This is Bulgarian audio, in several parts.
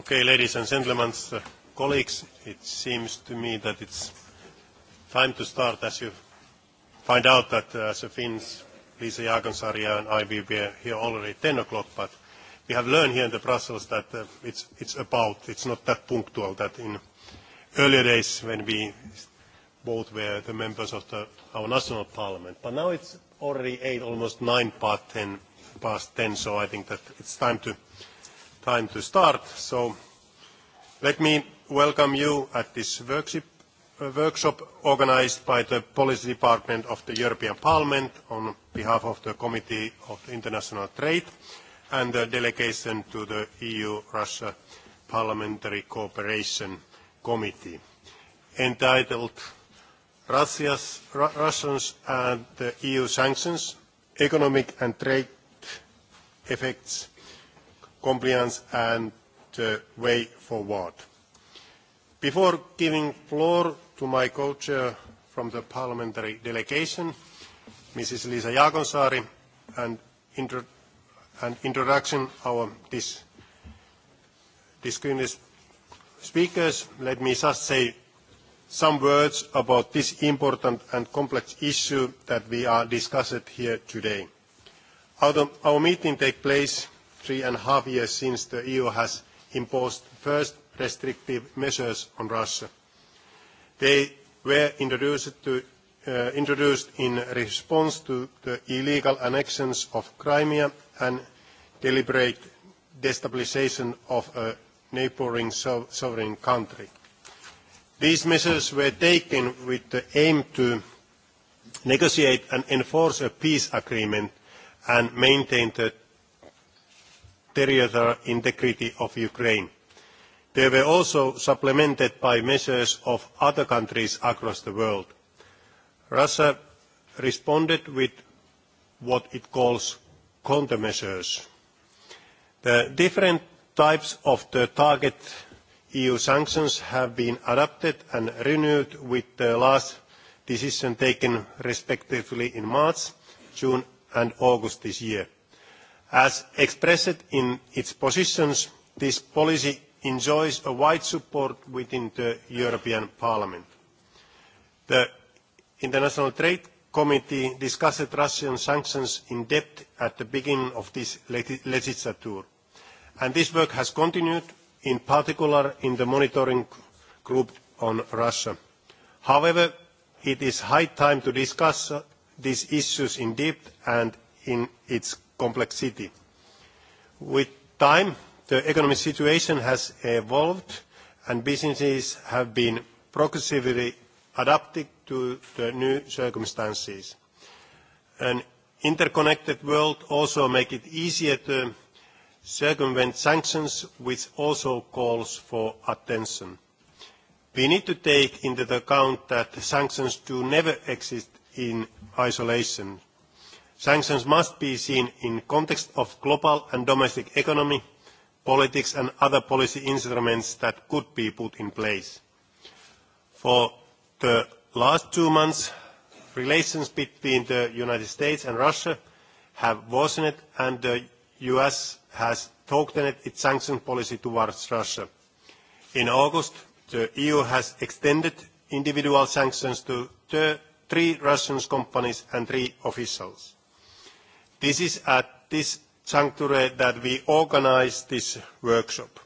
Okay, ladies and gentlemen, colleagues, it seems to me that it's time to start as you find out that uh, as a Finns, Lisa Jaakonsaari and I will be here already at 10 o'clock, but we have learned here in the Brussels that uh, it's, it's about, it's not that punctual that in earlier days when we both were the members of the, our national parliament, but now it's already 8, almost 9 past 10, past 10, so I think that it's time to time to start. So let me welcome you at this workshop organized by the Policy Department of the European Parliament on behalf of the Committee of International Trade and the delegation to the EU-Russia Parliamentary Cooperation Committee entitled Russia's, Russians and the EU sanctions, economic and trade effects compliance and the way forward. Before giving floor to my co-chair from the parliamentary delegation, Mrs. Liisa Jaakonsaari, and introduction our distinguished speakers, let me just say some words about this important and complex issue that we are discussing here today. Our meeting takes place three and a half years since the EU has imposed first restrictive measures on Russia. They were introduced in response to the illegal annexions of Crimea and deliberate destabilisation of a neighbouring sovereign country. These measures were taken with the aim to negotiate and enforce a peace agreement and maintain the territorial integrity of Ukraine. They were also supplemented by measures of other countries across the world. Russia responded with what it calls countermeasures. The different types of the target EU sanctions have been adapted and renewed with the last decision taken respectively in March, June and August this year. As expressed in its positions, this policy enjoys a wide support within the European Parliament. The International Trade Committee discussed Russian sanctions in depth at the beginning of this legislature, and this work has continued, in particular in the monitoring group on Russia. However, it is high time to discuss these issues in depth and in its complexity. With time, the economic situation has evolved, and businesses have been progressively adapting to the new circumstances. An interconnected world also makes it easier to circumvent sanctions, which also calls for attention. We need to take into account that sanctions do never exist in isolation. Sanctions must be seen in the context of global and domestic economy, politics and other policy instruments that could be put in place. For the last two months, relations between the United States and Russia have worsened and the US has strengthened its sanction policy towards Russia. In August, the EU has extended individual sanctions to three Russian companies and three officials. This is at this juncture that we organize this workshop.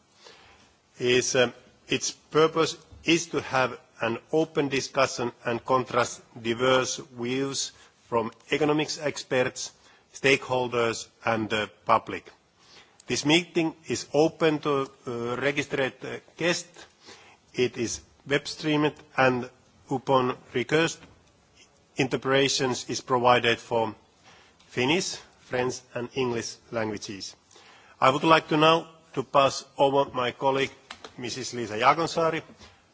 its purpose is to have an open discussion and contrast diverse views from economics experts, stakeholders and the public. This meeting is open to registered guests. It is web streamed and upon request, interpretations is provided for Finnish, French, and English languages. I would like to now to pass over my colleague, Mrs. Lisa Jaakonsaari,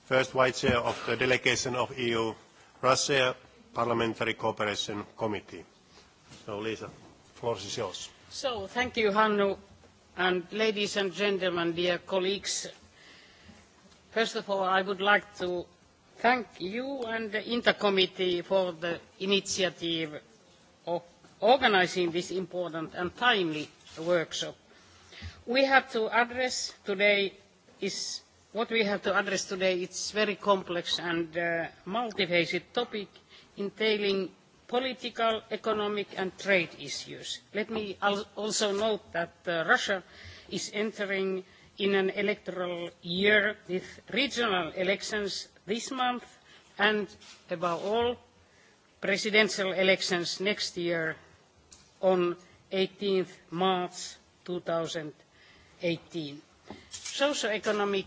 first Vice Chair of the Delegation of EU-Russia Parliamentary Cooperation Committee. So, the floor is yours. So, thank you, Hannu, and ladies and gentlemen, dear colleagues. First of all, I would like to thank you and the Inter Committee for the initiative organising this important and timely workshop. We have to address today is what we have to address today is a very complex and uh, multifaceted topic entailing political, economic and trade issues. Let me also note that Russia is entering in an electoral year with regional elections this month and, above all, presidential elections next year on 18 March 2018. Socioeconomic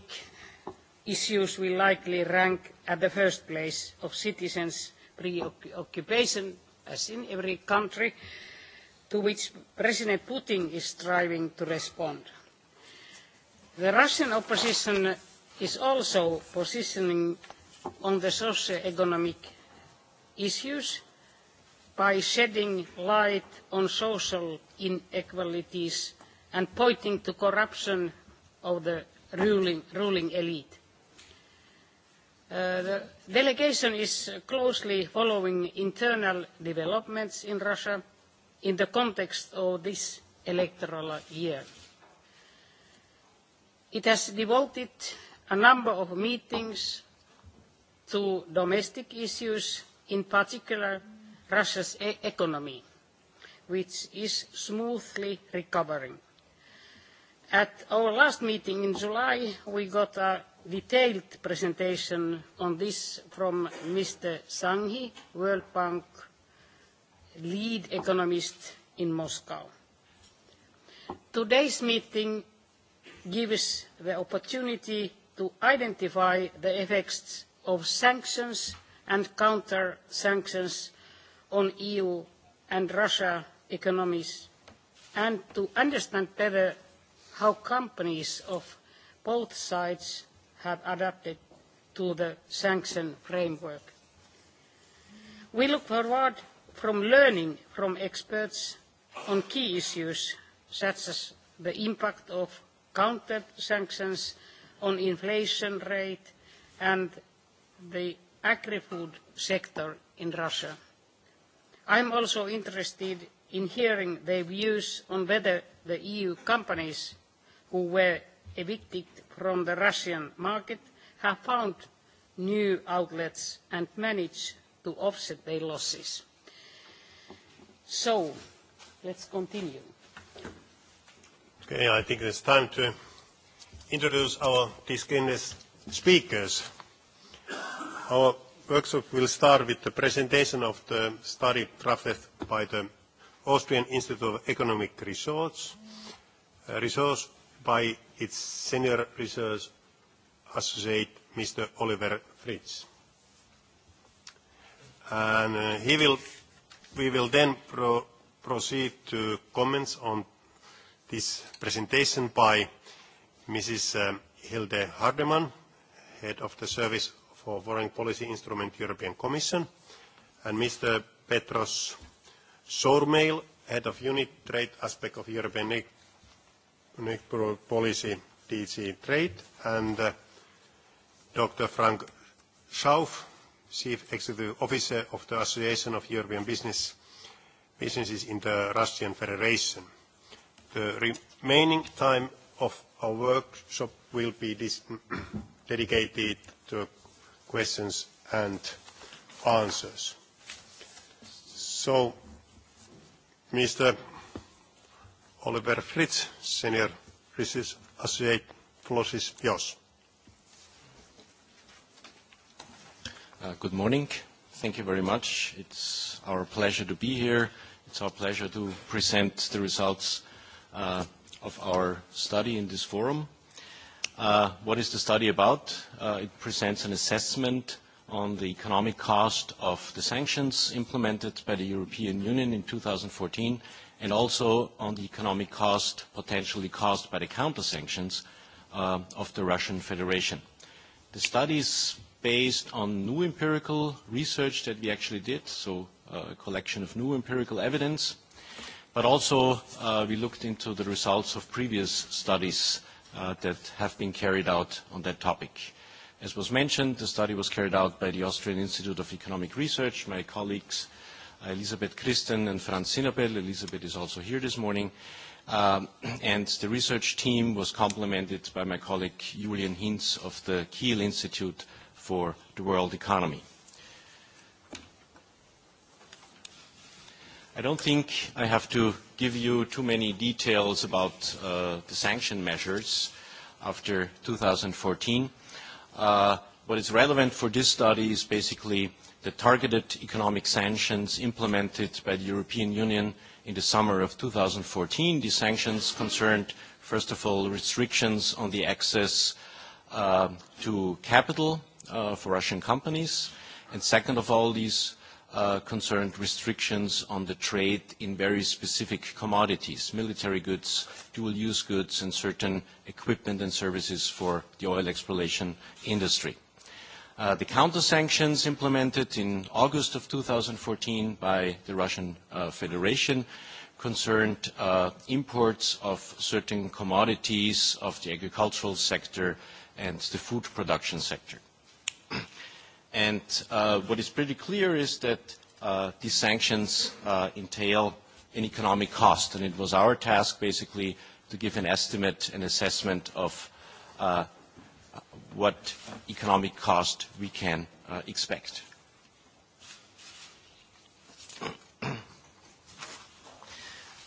issues will likely rank at the first place of citizens' preoccupation, as in every country, to which President Putin is striving to respond. The Russian opposition is also positioning on the socio-economic issues – by shedding light on social inequalities and pointing to corruption of the ruling, elite. the delegation is closely following internal developments in Russia in the context of this electoral year. It has devoted a number of meetings to domestic issues, in particular Russia's economy, which is smoothly recovering. At our last meeting in July, we got a detailed presentation on this from Mr. Sanghi, World Bank lead economist in Moscow. Today's meeting gives the opportunity to identify the effects of sanctions and counter-sanctions on EU and Russia economies and to understand better how companies of both sides have adapted to the sanction framework. We look forward from learning from experts on key issues such as the impact of counter sanctions on inflation rate and the agri-food sector in Russia. I am also interested in hearing their views on whether the EU companies who were evicted from the Russian market have found new outlets and managed to offset their losses. So let's continue. Okay, I think it's time to introduce our distinguished speakers. Our workshop will start with the presentation of the study drafted by the Austrian Institute of Economic Research, research by its senior research associate, Mr. Oliver Fritz. And uh, he will, we will then pro proceed to comments on this presentation by Mrs. Hilde Hardeman, head of the Service for Foreign Policy Instrument European Commission, and Mr. Petros Sormail, Head of Unit Trade Aspect of European Policy, DG Trade, and Dr. Frank Schauf, Chief Executive Officer of the Association of European Business Businesses in the Russian Federation. The remaining time of our workshop will be dedicated to questions and answers. So, Mr. Oliver Fritz, Senior Research Associate, floor is yours. Good morning. Thank you very much. It's our pleasure to be here. It's our pleasure to present the results of our study in this forum. What is the study about? It presents an assessment on the economic cost of the sanctions implemented by the European Union in 2014, and also on the economic cost potentially caused by the counter-sanctions of the Russian Federation. The study is based on new empirical research that we actually did, so a collection of new empirical evidence, but also we looked into the results of previous studies uh, that have been carried out on that topic. As was mentioned, the study was carried out by the Austrian Institute of Economic Research. My colleagues, Elisabeth Christen and Franz Sinnabel. Elisabeth is also here this morning. And the research team was complemented by my colleague, Julian Hinz of the Kiel Institute for the World Economy. I don't think I have to give you too many details about uh, the sanction measures after 2014. Uh, what is relevant for this study is basically the targeted economic sanctions implemented by the European Union in the summer of 2014. These sanctions concerned, first of all, restrictions on the access uh, to capital uh, for Russian companies, and second of all, these concerned restrictions on the trade in very specific commodities, military goods, dual-use goods, and certain equipment and services for the oil exploration industry. The counter-sanctions implemented in August of 2014 by the Russian Federation concerned imports of certain commodities of the agricultural sector and the food production sector. And uh, what is pretty clear is that uh, these sanctions uh, entail an economic cost. And it was our task, basically, to give an estimate, an assessment of uh, what economic cost we can uh, expect.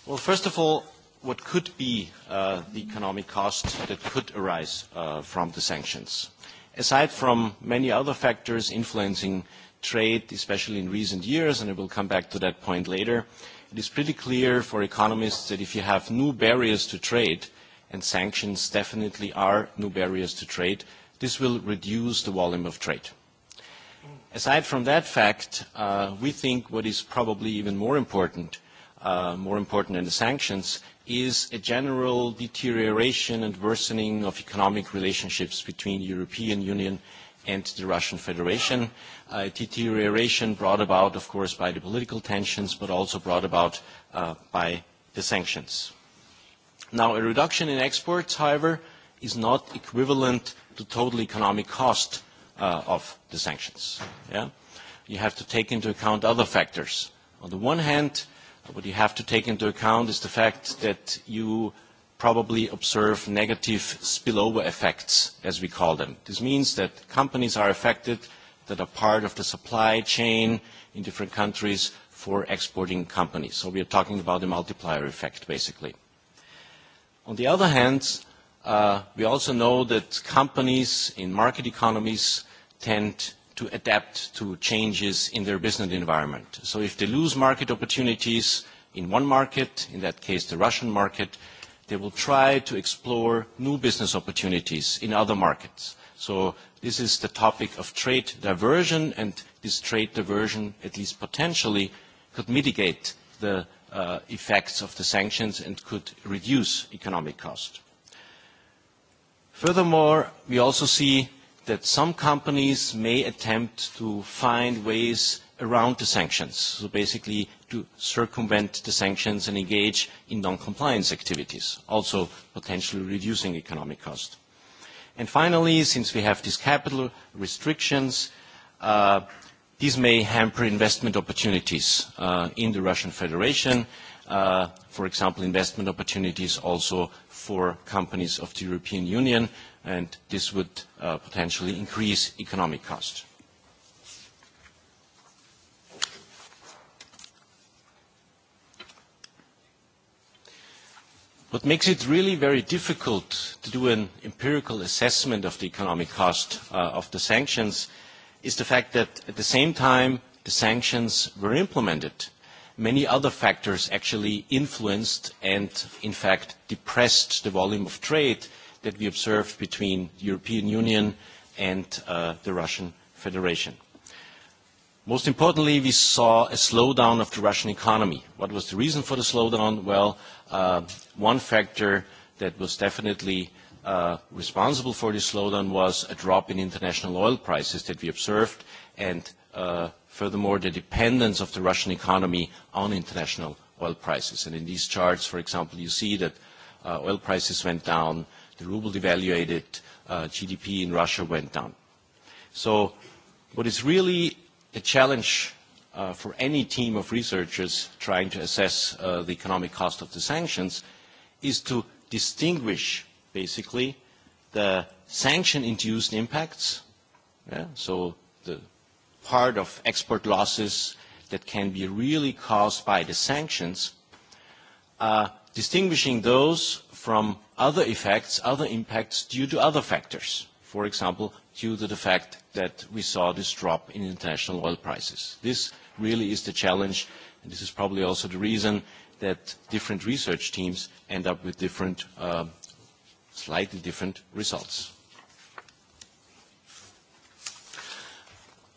Well, first of all, what could be uh, the economic cost that could arise uh, from the sanctions? aside from many other factors influencing trade, especially in recent years, and I will come back to that point later, it is pretty clear for economists that if you have new barriers to trade, and sanctions definitely are new barriers to trade, this will reduce the volume of trade. Aside from that fact, we think what is probably even more important, more important than the sanctions, is a general deterioration and worsening of economic relationships between the European Union and the Russian Federation. A deterioration brought about, of course, by the political tensions, but also brought about uh, by the sanctions. Now, a reduction in exports, however, is not equivalent to total economic cost uh, of the sanctions. Yeah? You have to take into account other factors. On the one hand, What you have to take into account is the fact that you probably observe negative spillover effects, as we call them. This means that companies are affected that are part of the supply chain in different countries for exporting companies. So we are talking about a multiplier effect, basically. On the other hand, we also know that companies in market economies tend to adapt to changes in their business environment. So if they lose market opportunities in one market, in that case the Russian market, they will try to explore new business opportunities in other markets. So this is the topic of trade diversion, and this trade diversion, at least potentially, could mitigate the effects of the sanctions and could reduce economic cost. Furthermore, we also see that some companies may attempt to find ways around the sanctions, so basically to circumvent the sanctions and engage in non-compliance activities, also potentially reducing economic cost. And finally, since we have these capital restrictions, uh, these may hamper investment opportunities uh, in the Russian Federation, uh, for example, investment opportunities also for companies of the European Union, and this would uh, potentially increase economic cost. What makes it really very difficult to do an empirical assessment of the economic cost uh, of the sanctions is the fact that at the same time the sanctions were implemented, many other factors actually influenced and in fact depressed the volume of trade uh, that we observed between the European Union and the Russian Federation. Most importantly, we saw a slowdown of the Russian economy. What was the reason for the slowdown? Well, one factor that was definitely responsible for this slowdown was a drop in international oil prices that we observed, and furthermore, the dependence of the Russian economy on international oil prices. In these charts, for example, you see that oil prices went down the ruble devaluated, uh, GDP in Russia went down. So what is really a challenge uh, for any team of researchers trying to assess uh, the economic cost of the sanctions is to distinguish basically the sanction-induced impacts, yeah, so the part of export losses that can be really caused by the sanctions, uh, distinguishing those from other effects, other impacts due to other factors. For example, due to the fact that we saw this drop in international oil prices. This really is the challenge, and this is probably also the reason that different research teams end up with different, slightly different results.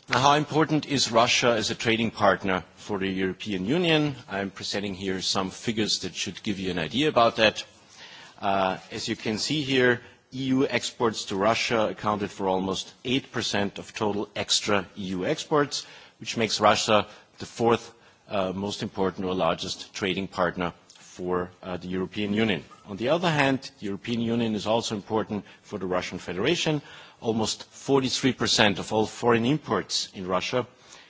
Now, how important is Russia as a trading partner for the European Union? I'm presenting here some figures that should give you an idea about that. As you can see here, EU exports to Russia accounted for almost 8% of total extra EU exports, which makes Russia the fourth most important or largest trading partner for the European Union. On the other hand, the European Union is also important for the Russian Federation. Almost 43% of all foreign imports in Russia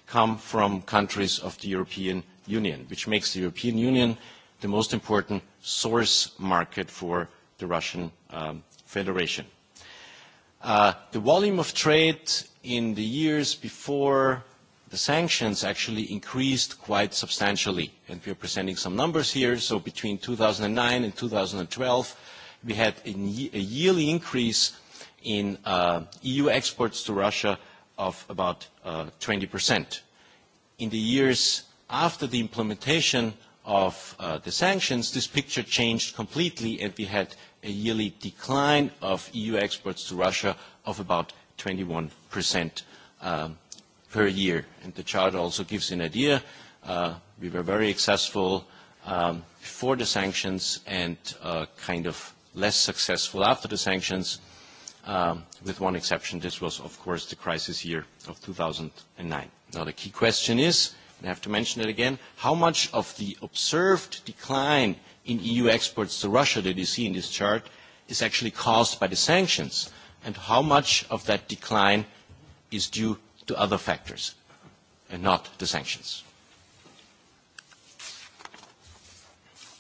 come from countries of the European Union, which makes the European Union the most important source market for the Russian Federation. The volume of trade in the years before the sanctions actually increased quite substantially, and we are presenting some numbers here. So between 2009 and 2012, we had a yearly increase in EU exports to Russia of about 20%. In the years after the implementation of uh, the sanctions, this picture changed completely and we had a yearly decline of EU exports to Russia of about 21% um, per year. And the chart also gives an idea. Uh, we were very successful um, before the sanctions and uh, kind of less successful after the sanctions. Um, with one exception, this was, of course, the crisis year of 2009. Now, the key question is, I have to mention it again, how much of the observed decline in EU exports to Russia that you see in this chart is actually caused by the sanctions, and how much of that decline is due to other factors and not the sanctions.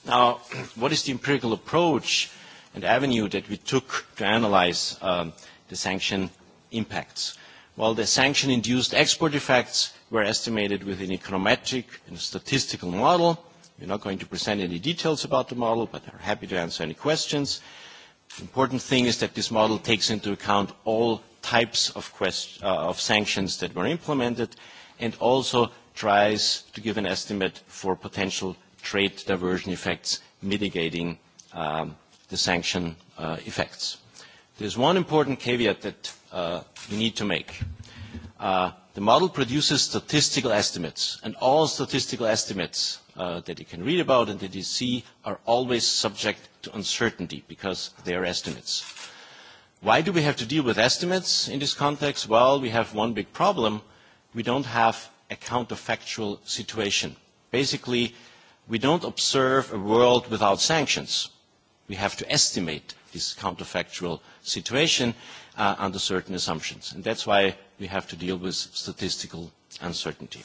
Now, what is the empirical approach and avenue that we took to analyze um, the sanction impacts? while the sanction-induced export effects were estimated with an econometric and statistical model. We're not going to present any details about the model, but are happy to answer any questions. The important thing is that this model takes into account all types of, quest- uh, of sanctions that were implemented and also tries to give an estimate for potential trade diversion effects mitigating um, the sanction uh, effects. There's one important caveat that uh, we need to make. Uh, the model produces statistical estimates, and all statistical estimates uh, that you can read about and that you see are always subject to uncertainty because they are estimates. Why do we have to deal with estimates in this context? Well, we have one big problem. We don't have a counterfactual situation. Basically, we don't observe a world without sanctions. We have to estimate this counterfactual situation uh, under certain assumptions. And that's why we have to deal with statistical uncertainty.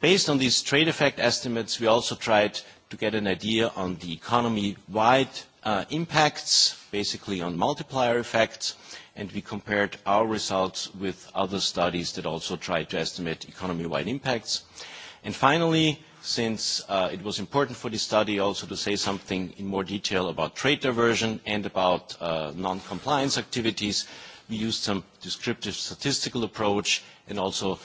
Based on these trade effect estimates, we also tried to get an idea on the economy-wide uh, impacts, basically on multiplier effects, and we compared our results with other studies that also tried to estimate economy-wide impacts. And finally, since it was important for this study also to say something in more detail about trade diversion and about non-compliance activities. We used some descriptive statistical approach and also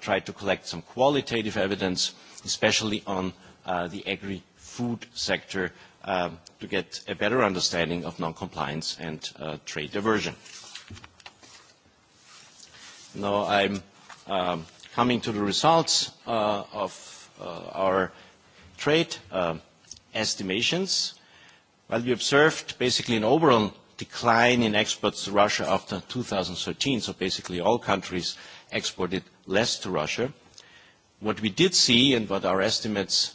tried to collect some qualitative evidence, especially on the agri-food sector, to get a better understanding of non-compliance and trade diversion. Now I'm coming to the results of our trade estimations. While we observed basically an overall decline in exports to Russia after 2013, so basically all countries exported less to Russia, what we did see and what our estimates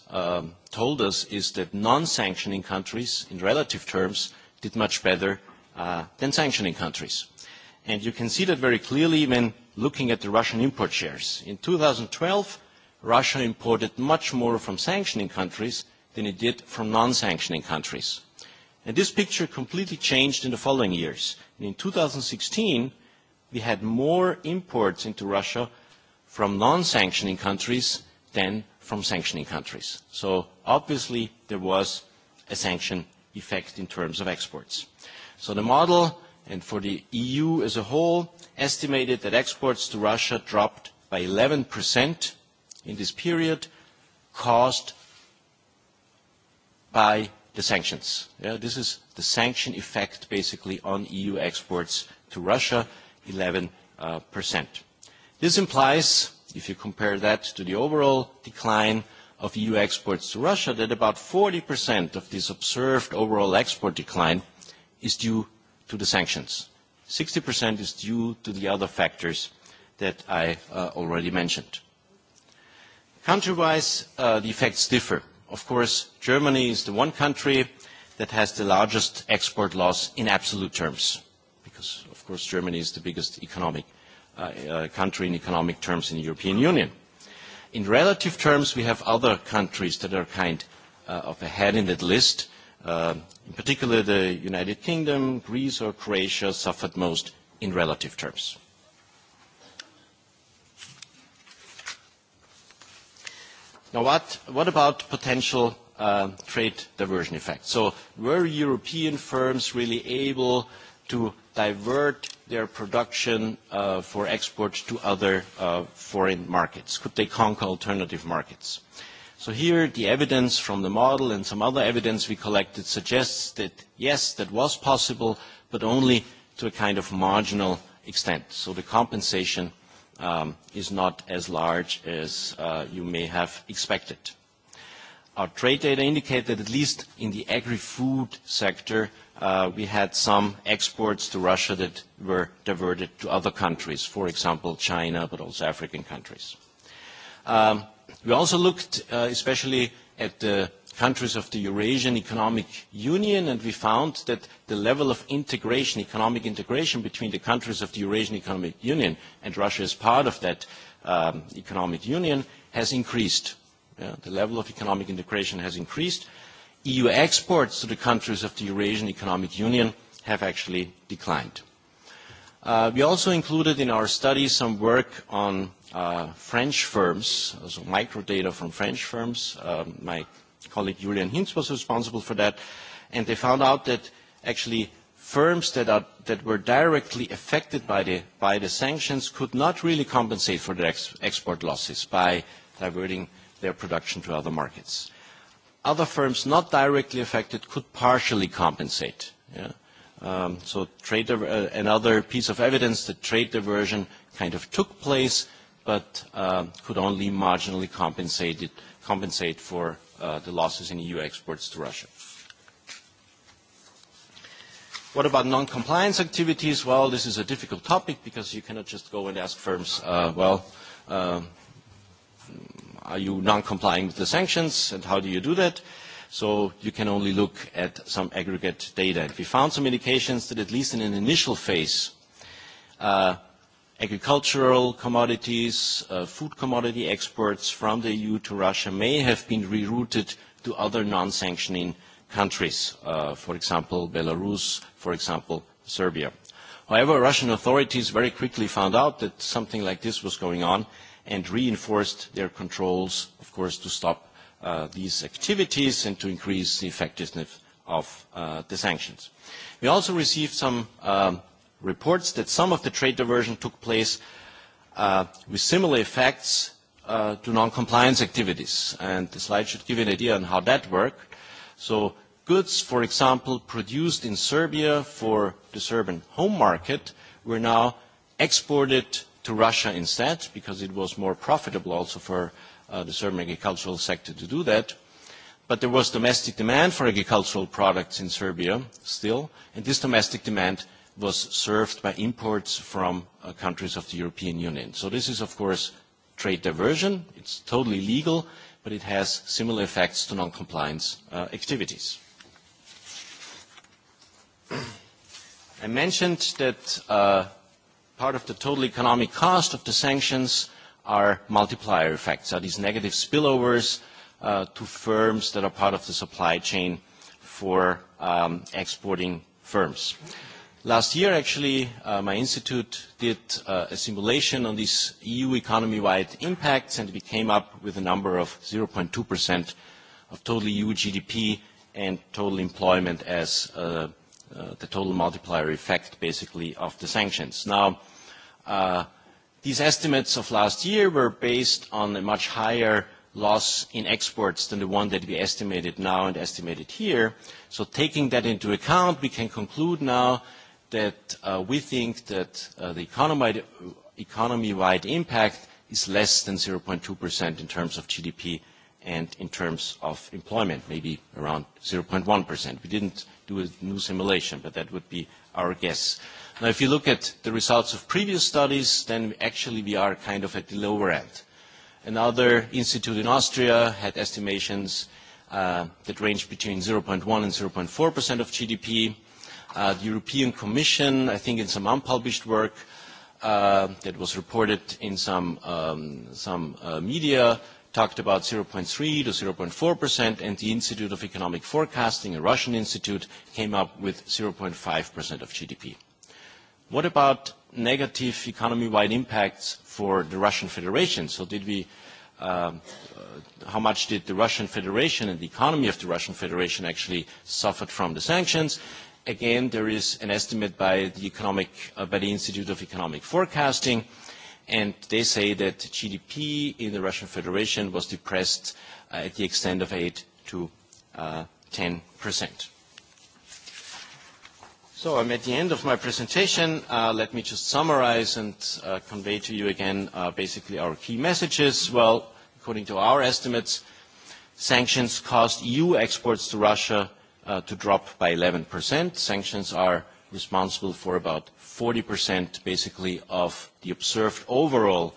told us is that non-sanctioning countries, in relative terms, did much better than sanctioning countries. And you can see that very clearly when looking at the Russian import shares. In 2012, Russia imported much more from sanctioning countries than it did from non-sanctioning countries. And this picture completely changed in the following years. And in 2016, we had more imports into Russia from non-sanctioning countries than from sanctioning countries. So obviously there was a sanction effect in terms of exports. So the model, and for the EU as a whole, estimated that exports to Russia dropped by 11% in this period caused by the sanctions. Yeah, this is the sanction effect basically on EU exports to Russia, 11%. This implies, if you compare that to the overall decline of EU exports to Russia, that about 40% of this observed overall export decline is due to the sanctions. 60% is due to the other factors that I already mentioned. Country-wise, uh, the effects differ. Of course, Germany is the one country that has the largest export loss in absolute terms, because, of course, Germany is the biggest economic uh, uh, country in economic terms in the European Union. In relative terms, we have other countries that are kind uh, of ahead in that list. Uh, in particular, the United Kingdom, Greece, or Croatia suffered most in relative terms. Now, what, what about potential uh, trade diversion effects? So were European firms really able to divert their production uh, for export to other uh, foreign markets? Could they conquer alternative markets? So here, the evidence from the model and some other evidence we collected suggests that, yes, that was possible, but only to a kind of marginal extent. So the compensation is not as large as you may have expected. Our trade data indicate that at least in the agri-food sector, we had some exports to Russia that were diverted to other countries, for example, China, but also African countries. We also looked especially at the countries of the Eurasian Economic Union, and we found that the level of integration, economic integration between the countries of the Eurasian Economic Union, and Russia is part of that um, economic union, has increased. Yeah, the level of economic integration has increased. EU exports to the countries of the Eurasian Economic Union have actually declined. Uh, we also included in our study some work on uh, French firms, also microdata from French firms. Um, my colleague Julian Hintz was responsible for that, and they found out that actually firms that, are, that were directly affected by the, by the sanctions could not really compensate for their ex- export losses by diverting their production to other markets. Other firms not directly affected could partially compensate. Yeah? Um, so trade, uh, another piece of evidence that trade diversion kind of took place, but uh, could only marginally compensate, it, compensate for the losses in EU exports to Russia. What about non-compliance activities? Well, this is a difficult topic because you cannot just go and ask firms, uh, well, uh, are you non-complying with the sanctions and how do you do that? So you can only look at some aggregate data. We found some indications that at least in an initial phase, uh, agricultural commodities, uh, food commodity exports from the EU to Russia may have been rerouted to other non-sanctioning countries, uh, for example, Belarus, for example, Serbia. However, Russian authorities very quickly found out that something like this was going on and reinforced their controls, of course, to stop uh, these activities and to increase the effectiveness of uh, the sanctions. We also received some reports that some of the trade diversion took place uh, with similar effects uh, to non-compliance activities. And the slide should give you an idea on how that worked. So goods, for example, produced in Serbia for the Serbian home market were now exported to Russia instead because it was more profitable also for uh, the Serbian agricultural sector to do that. But there was domestic demand for agricultural products in Serbia still, and this domestic demand was served by imports from countries of the European Union. So this is, of course, trade diversion. It's totally legal, but it has similar effects to non-compliance activities. I mentioned that part of the total economic cost of the sanctions are multiplier effects, are these negative spillovers to firms that are part of the supply chain for exporting firms. Last year, actually, uh, my institute did uh, a simulation on these EU economy-wide impacts, and we came up with a number of 0.2% of total EU GDP and total employment as uh, uh, the total multiplier effect, basically, of the sanctions. Now, uh, these estimates of last year were based on a much higher loss in exports than the one that we estimated now and estimated here. So taking that into account, we can conclude now that uh, we think that uh, the economy-wide economy impact is less than 0.2% in terms of GDP and in terms of employment, maybe around 0.1%. We didn't do a new simulation, but that would be our guess. Now, if you look at the results of previous studies, then actually we are kind of at the lower end. Another institute in Austria had estimations that range between 0.1% and 0.4% of GDP uh, the European Commission, I think in some unpublished work uh, that was reported in some, um, some uh, media, talked about 0.3 to 0.4%, and the Institute of Economic Forecasting, a Russian institute, came up with 0.5% of GDP. What about negative economy-wide impacts for the Russian Federation? So did we, uh, how much did the Russian Federation and the economy of the Russian Federation actually suffered from the sanctions? Again, there is an estimate by the economic, uh, by the Institute of Economic Forecasting, and they say that GDP in the Russian Federation was depressed uh, at the extent of 8 to uh, 10 percent. So I'm at the end of my presentation. Uh, let me just summarize and uh, convey to you again uh, basically our key messages. Well, according to our estimates, sanctions cost EU exports to Russia – to drop by 11%. Sanctions are responsible for about 40% basically of the observed overall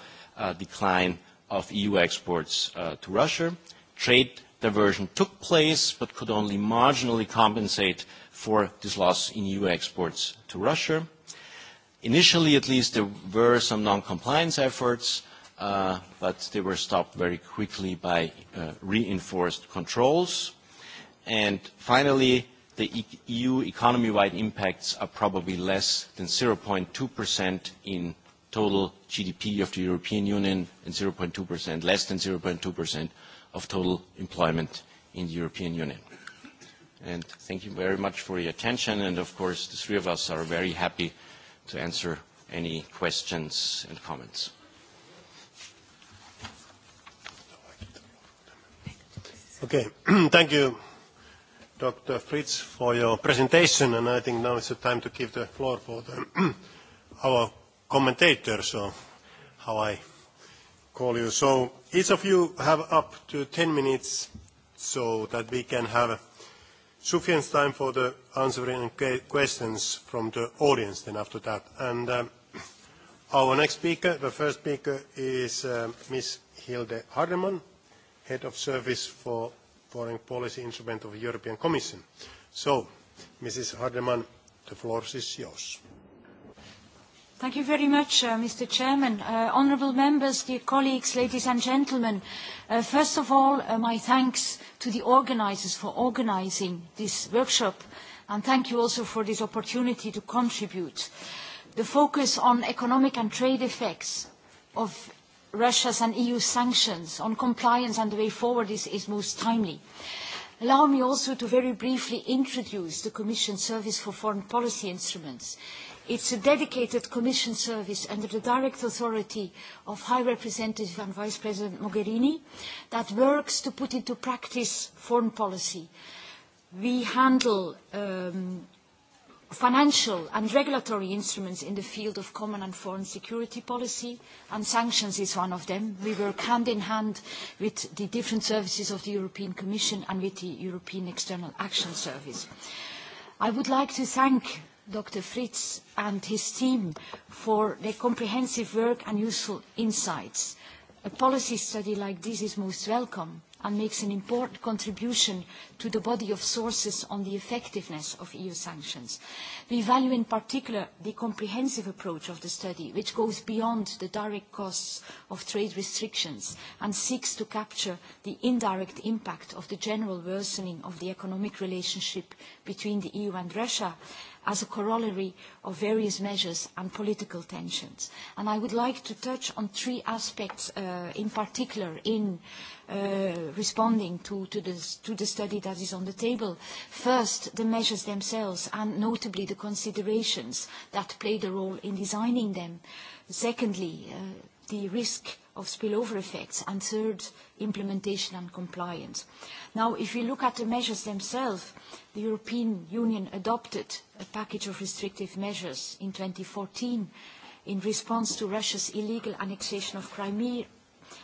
decline of EU exports to Russia. Trade diversion took place but could only marginally compensate for this loss in EU exports to Russia. Initially, at least, there were some non-compliance efforts, but they were stopped very quickly by reinforced controls And finally, the EU economy-wide impacts are probably less than 0.2% in total GDP of the European Union and 0.2%, less than 0.2% of total employment in the European Union. thank you very much for your attention. And of course, the three of us are very happy to answer any questions and comments. Okay. Thank you Dr. Fritz, for your presentation, and I think now is the time to give the floor for the our commentators, or how I call you. So each of you have up to 10 minutes so that we can have sufficient time for the answering questions from the audience then after that. And um, our next speaker, the first speaker, is uh, Ms. Hilde Hardeman, Head of Service for foreign policy instrument of the European Commission. So, Mrs. Hardeman, the floor is yours. Thank you very much, uh, Mr. Chairman. Uh, honourable members, dear colleagues, ladies and gentlemen, uh, first of all, uh, my thanks to the organisers for organising this workshop, and thank you also for this opportunity to contribute. The focus on economic and trade effects of Russia's and EU sanctions on compliance and the way forward is most timely. Allow me also to very briefly introduce the Commission Service for Foreign Policy Instruments. It's a dedicated Commission service under the direct authority of High Representative and Vice President Mogherini that works to put into practice foreign policy. We handle um, financial and regulatory instruments in the field of common and foreign security policy, and sanctions is one of them. We work hand in hand with the different services of the European Commission and with the European External Action Service. I would like to thank Dr. Fritz and his team for their comprehensive work and useful insights. A policy study like this is most welcome and makes an important contribution to the body of sources on the effectiveness of EU sanctions. We value in particular the comprehensive approach of the study, which goes beyond the direct costs of trade restrictions and seeks to capture the indirect impact of the general worsening of the economic relationship between the EU and Russia as a corollary of various measures and political tensions. And I would like to touch on three aspects in particular in uh, responding to, to, the, to the study that is on the table. First, the measures themselves, and notably the considerations that played a role in designing them. Secondly, uh, the risk of spillover effects, and third, implementation and compliance. Now, if you look at the measures themselves, the European Union adopted a package of restrictive measures in 2014 in response to Russia's illegal annexation of Crimea,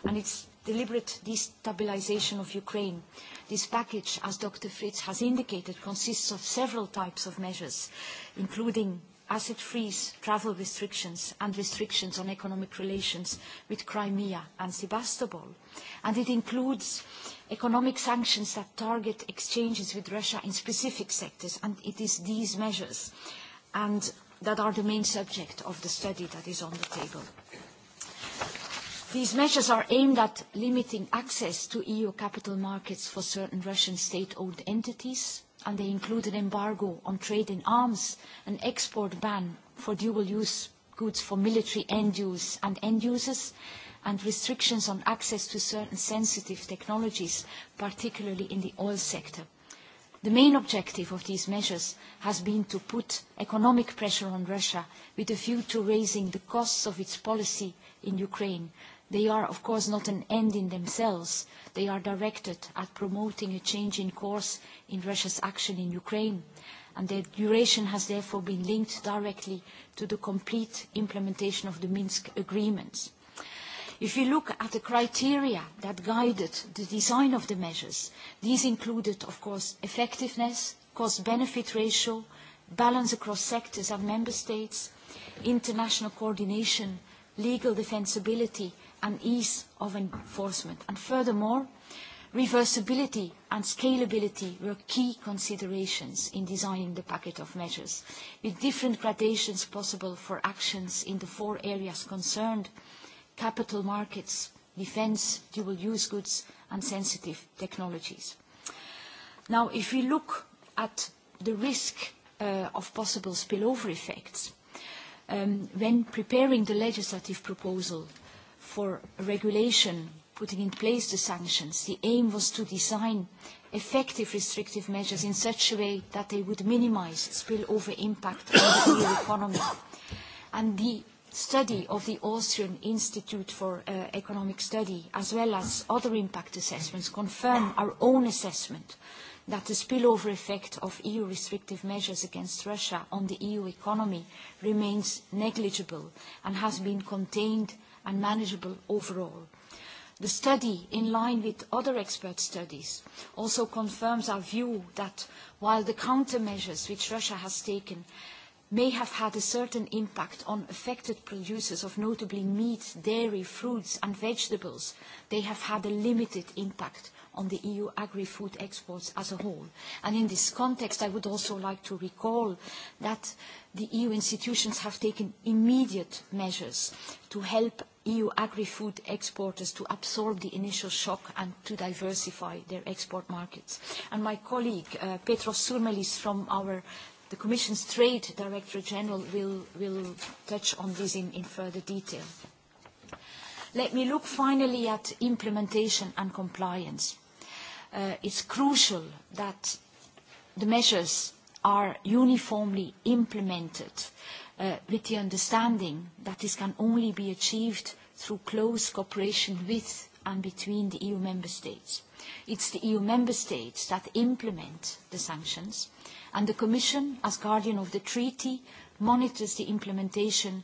and it's deliberate destabilization of Ukraine. This package, as Dr. Fritz has indicated, consists of several types of measures, including asset freeze, travel restrictions, and restrictions on economic relations with Crimea and Sebastopol. And it includes economic sanctions that target exchanges with Russia in specific sectors, and it is these measures and that are the main subject of the study that is on the table. These measures are aimed at limiting access to EU capital markets for certain Russian state-owned entities, and they include an embargo on trade in arms, an export ban for dual-use goods for military end use and end users, and restrictions on access to certain sensitive technologies, particularly in the oil sector. The main objective of these measures has been to put economic pressure on Russia with a view to raising the costs of its policy in Ukraine They are, of course, not an end in themselves. They are directed at promoting a change in course in Russia's action in Ukraine, and their duration has therefore been linked directly to the complete implementation of the Minsk agreements. If you look at the criteria that guided the design of the measures, these included, of course, effectiveness, cost-benefit ratio, balance across sectors and member states, international coordination, legal defensibility, and ease of enforcement. And furthermore, reversibility and scalability were key considerations in designing the packet of measures, with different gradations possible for actions in the four areas concerned, capital markets, defence, dual-use goods, and sensitive technologies. Now, if we look at the risk of possible spillover effects, when preparing the legislative proposal for a regulation putting in place the sanctions, the aim was to design effective restrictive measures in such a way that they would minimize spillover impact on the EU economy. And the study of the Austrian Institute for uh, Economic Study, as well as other impact assessments, confirm our own assessment that the spillover effect of EU restrictive measures against Russia on the EU economy remains negligible and has been contained and manageable overall. The study, in line with other expert studies, also confirms our view that while the countermeasures which Russia has taken may have had a certain impact on affected producers of notably meat, dairy, fruits and vegetables, they have had a limited impact on the EU agri-food exports as a whole. And in this context, I would also like to recall that the EU institutions have taken immediate measures to help EU agri-food exporters to absorb the initial shock and to diversify their export markets. And my colleague, uh, Petros Surmelis from our the Commission's Trade Director General will, will touch on this in, in further detail. Let me look finally at implementation and compliance uh, it's crucial that the measures are uniformly implemented uh, with the understanding that this can only be achieved through close cooperation with and between the EU member states. It's the EU member states that implement the sanctions, and the Commission, as guardian of the treaty, monitors the implementation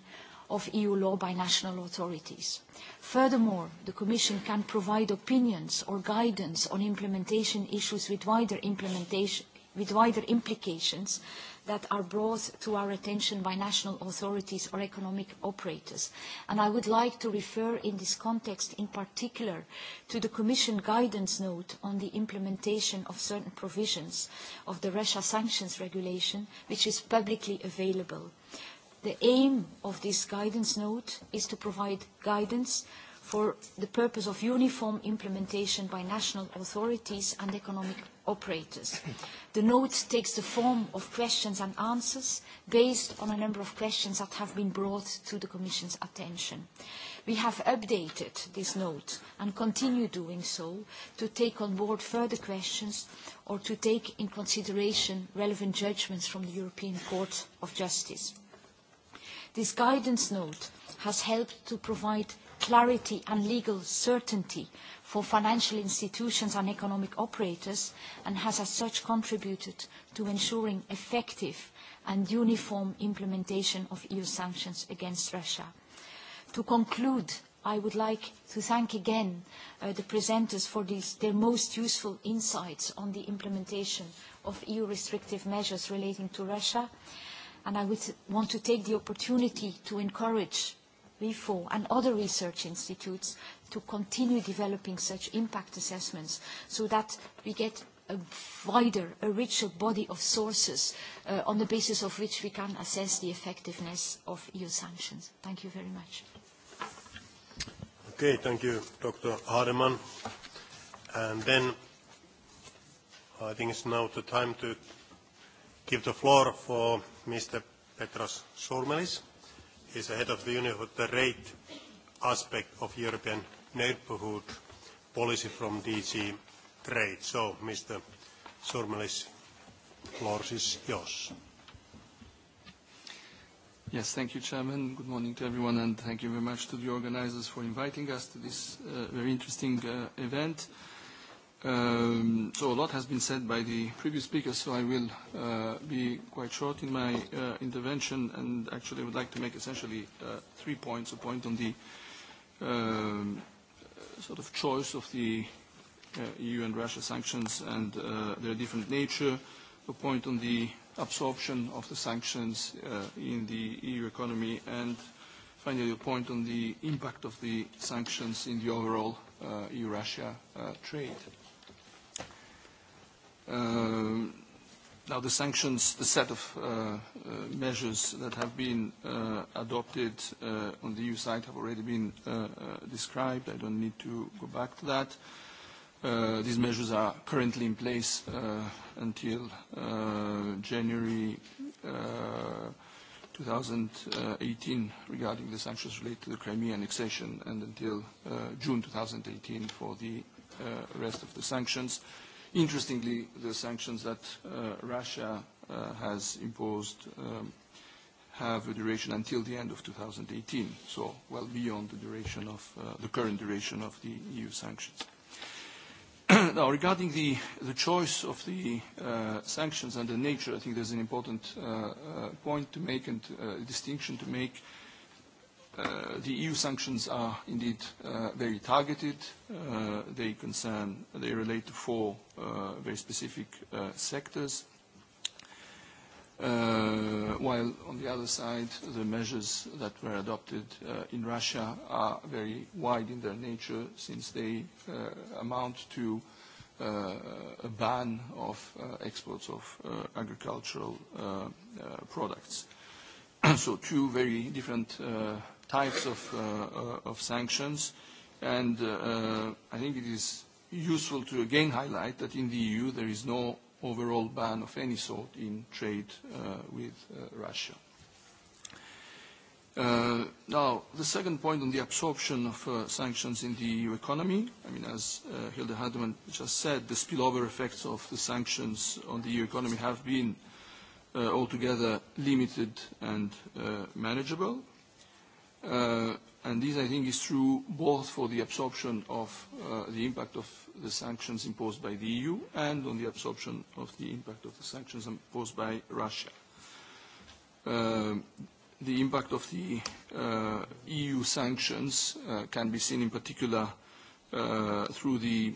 of EU law by national authorities. Furthermore, the Commission can provide opinions or guidance on implementation issues with wider, implementation, with wider implications that are brought to our attention by national authorities or economic operators. And I would like to refer in this context in particular to the Commission guidance note on the implementation of certain provisions of the Russia sanctions regulation, which is publicly available. The aim of this guidance note is to provide guidance for the purpose of uniform implementation by national authorities and economic operators. The note takes the form of questions and answers based on a number of questions that have been brought to the Commission's attention. We have updated this note and continue doing so to take on board further questions or to take in consideration relevant judgments from the European Court of Justice. This guidance note has helped to provide clarity and legal certainty for financial institutions and economic operators and has as such contributed to ensuring effective and uniform implementation of EU sanctions against Russia. To conclude, I would like to thank again the presenters for their most useful insights on the implementation of EU restrictive measures relating to Russia and I would want to take the opportunity to encourage RIFO and other research institutes to continue developing such impact assessments so that we get a wider, a richer body of sources uh, on the basis of which we can assess the effectiveness of EU sanctions. Thank you very much. Okay, thank you, Dr. Hardeman. And then I think it's now the time to give the floor for Mr. Petros Sourmelis. He's the head of the unit of the rate aspect of European neighborhood policy from DG Trade. So, Mr. Sourmelis, floor is yours. Yes, thank you, Chairman. Good morning to everyone, and thank you very much to the organizers for inviting us to this very interesting event so a lot has been said by the previous speaker, so I will uh, be quite short in my uh, intervention, and actually would like to make essentially uh, three points, a point on the um, sort of choice of the uh, EU and Russia sanctions and uh, their different nature, a point on the absorption of the sanctions uh, in the EU economy, and finally a point on the impact of the sanctions in the overall uh, EU-Russia uh, trade. Now, the sanctions, the set of measures that have been adopted on the EU side have already been described. I don't need to go back to that. These measures are currently in place until January 2018 regarding the sanctions related to the Crimea annexation and until June 2018 for the rest of the sanctions. Interestingly, the sanctions that uh, Russia uh, has imposed um, have a duration until the end of 2018, so well beyond the duration of uh, the current duration of the EU sanctions. now, regarding the, the choice of the uh, sanctions and the nature, I think there's an important uh, uh, point to make and uh, distinction to make uh, the EU sanctions are indeed uh, very targeted. Uh, they concern, they relate to four uh, very specific uh, sectors. Uh, while on the other side, the measures that were adopted uh, in Russia are very wide in their nature since they uh, amount to uh, a ban of uh, exports of uh, agricultural uh, uh, products so two very different uh, types of, uh, of sanctions. And uh, I think it is useful to again highlight that in the EU there is no overall ban of any sort in trade uh, with uh, Russia. Uh, now, the second point on the absorption of uh, sanctions in the EU economy, I mean, as uh, Hilde Hardeman just said, the spillover effects of the sanctions on the EU economy have been uh, altogether limited and uh, manageable and this, I think, is true both for the absorption of the impact of the sanctions imposed by the EU and on the absorption of the impact of the sanctions imposed by Russia. The impact of the EU sanctions can be seen in particular through the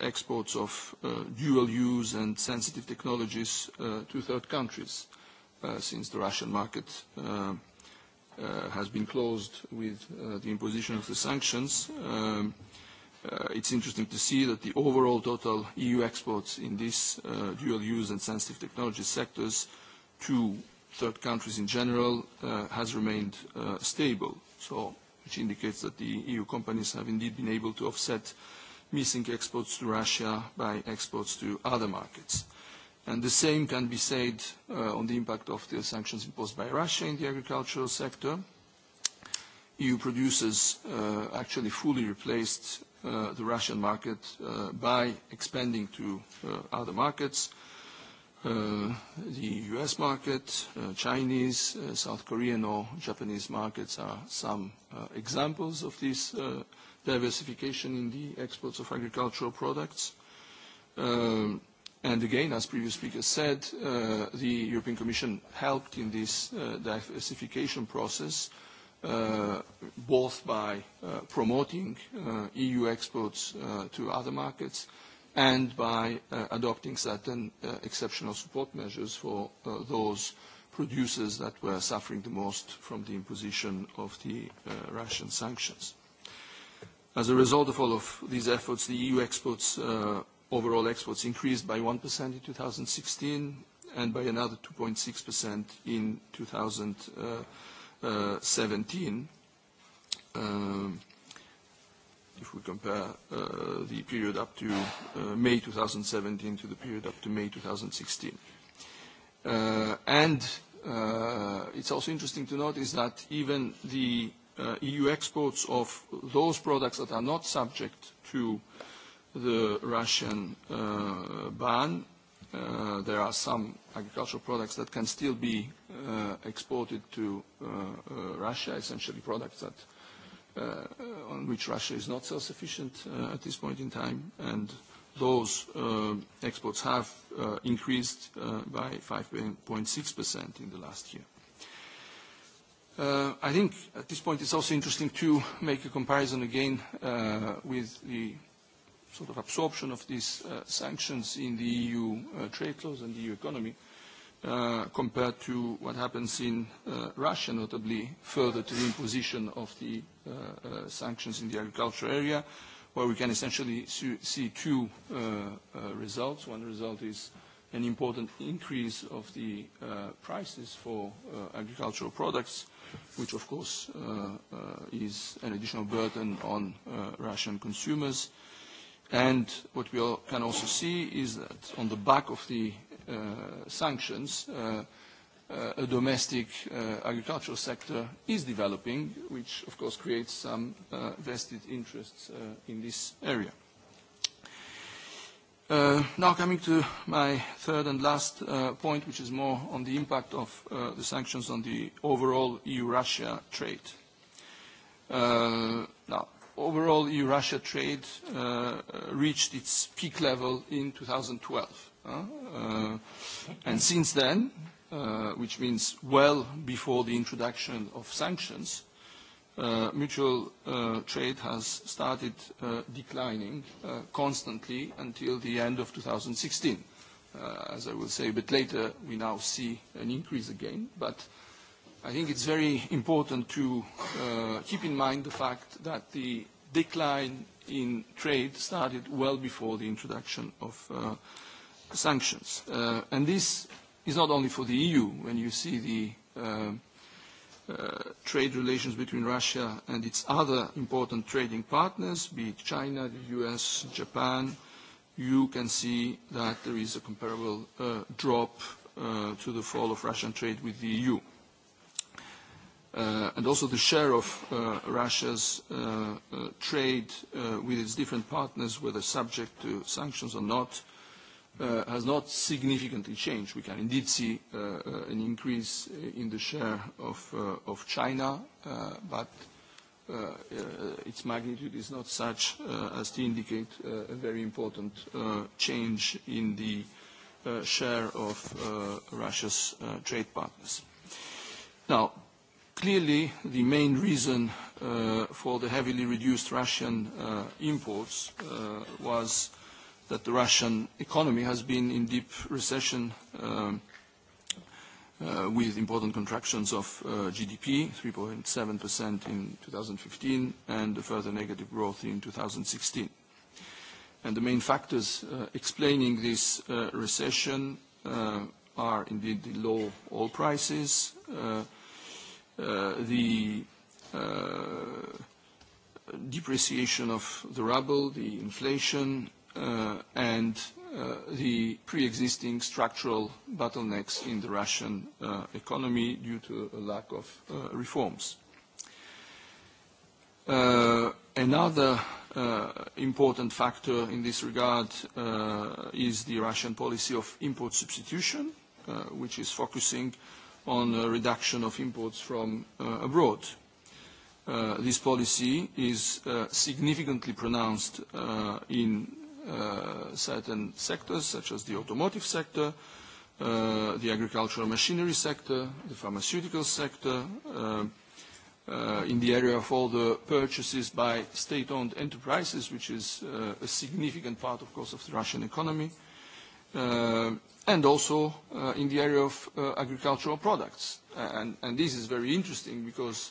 exports of dual-use and sensitive technologies to third countries, since the Russian market has been closed with the imposition of the sanctions, it's interesting to see that the overall total EU exports in these dual-use and sensitive technology sectors to third countries in general has remained stable, so which indicates that the EU companies have indeed been able to offset missing exports to Russia by exports to other markets. And the same can be said uh, on the impact of the sanctions imposed by Russia in the agricultural sector. EU producers uh, actually fully replaced uh, the Russian market uh, by expanding to uh, other markets, uh, the US market, uh, Chinese, uh, South Korean or Japanese markets are some uh, examples of this uh, diversification in the exports of agricultural products. Um, And again, as previous speakers said, uh, the European Commission helped in this uh, diversification process, uh, both by uh, promoting uh, EU exports uh, to other markets and by uh, adopting certain uh, exceptional support measures for uh, those producers that were suffering the most from the imposition of the uh, Russian sanctions. As a result of all of these efforts, the EU exports uh, Overall exports increased by 1% in 2016 and by another 2.6% in 2017. If we compare the period up to May 2017 to the period up to May 2016. And it's also interesting to notice that even the EU exports of those products that are not subject to the Russian uh, ban. Uh, there are some agricultural products that can still be uh, exported to uh, uh, Russia, essentially products that uh, on which Russia is not self-sufficient uh, at this point in time, and those uh, exports have uh, increased uh, by 5.6% in the last year. Uh, I think at this point it's also interesting to make a comparison again uh, with the sort of absorption of these uh, sanctions in the EU uh, trade flows and the EU economy uh, compared to what happens in uh, Russia, notably further to the imposition of the uh, uh, sanctions in the agriculture area, where we can essentially see two uh, uh, results. One result is an important increase of the uh, prices for uh, agricultural products, which of course uh, uh, is an additional burden on uh, Russian consumers. Uh, And what we all can also see is that on the back of the uh, sanctions, uh, a domestic agricultural sector is developing, which of course creates some vested interests in this area. Now coming to my third and last point, which is more on the impact of the sanctions on the overall EU-Russia trade. Now, overall EU-Russia trade reached its peak level in 2012. And since then, which means well before the introduction of sanctions, mutual trade has started declining constantly until the end of 2016. As I will say a bit later, we now see an increase again, but I think it's very important to uh, keep in mind the fact that the decline in trade started well before the introduction of uh, sanctions. Uh, and this is not only for the EU. When you see the uh, uh, trade relations between Russia and its other important trading partners, be it China, the US, Japan, you can see that there is a comparable uh, drop uh, to the fall of Russian trade with the EU and also the share of Russia's trade with its different partners, whether subject to sanctions or not, has not significantly changed. We can indeed see an increase in the share of China, but its magnitude is not such as to indicate a very important change in the share of Russia's trade partners. Now, Clearly, the main reason for the heavily reduced Russian imports was that the Russian economy has been in deep recession with important contractions of GDP, 3.7% in 2015, and a further negative growth in 2016. The main factors explaining this recession are indeed the low oil prices, the uh, depreciation of the ruble, the inflation, uh, and uh, the pre-existing structural bottlenecks in the Russian uh, economy due to a lack of uh, reforms. Uh, another uh, important factor in this regard uh, is the Russian policy of import substitution, uh, which is focusing on a reduction of imports from abroad. This policy is significantly pronounced in certain sectors, such as the automotive sector, the agricultural machinery sector, the pharmaceutical sector, in the area of all the purchases by state-owned enterprises, which is a significant part, of course, of the Russian economy, uh, and also in the area of agricultural products. And this is very interesting because,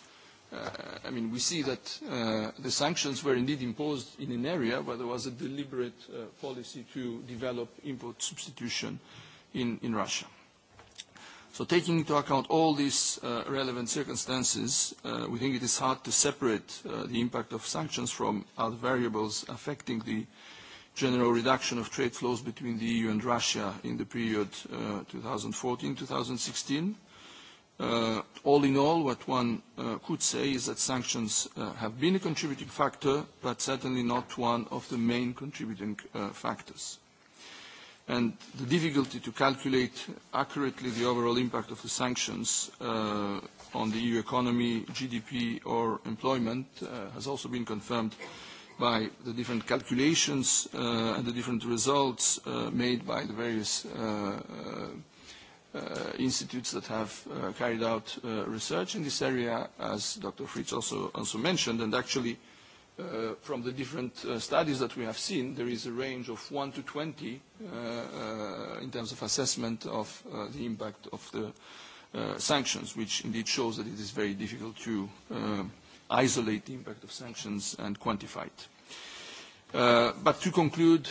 I mean, we see that the sanctions were indeed imposed in an area where there was a deliberate policy to develop import substitution in Russia. So taking into account all these relevant circumstances, we think it is hard to separate the impact of sanctions from other variables affecting the general reduction of trade flows between the EU and Russia in the period 2014-2016. All in all, what one could say is that sanctions have been a contributing factor, but certainly not one of the main contributing factors. And The difficulty to calculate accurately the overall impact of the sanctions on the EU economy, GDP, or employment has also been confirmed by the different calculations uh, and the different results uh, made by the various uh, uh, institutes that have uh, carried out uh, research in this area, as Dr. Fritz also, also mentioned, and actually uh, from the different uh, studies that we have seen, there is a range of 1 to 20 uh, uh, in terms of assessment of uh, the impact of the uh, sanctions, which indeed shows that it is very difficult to uh, isolate the impact of sanctions and quantify it. But to conclude,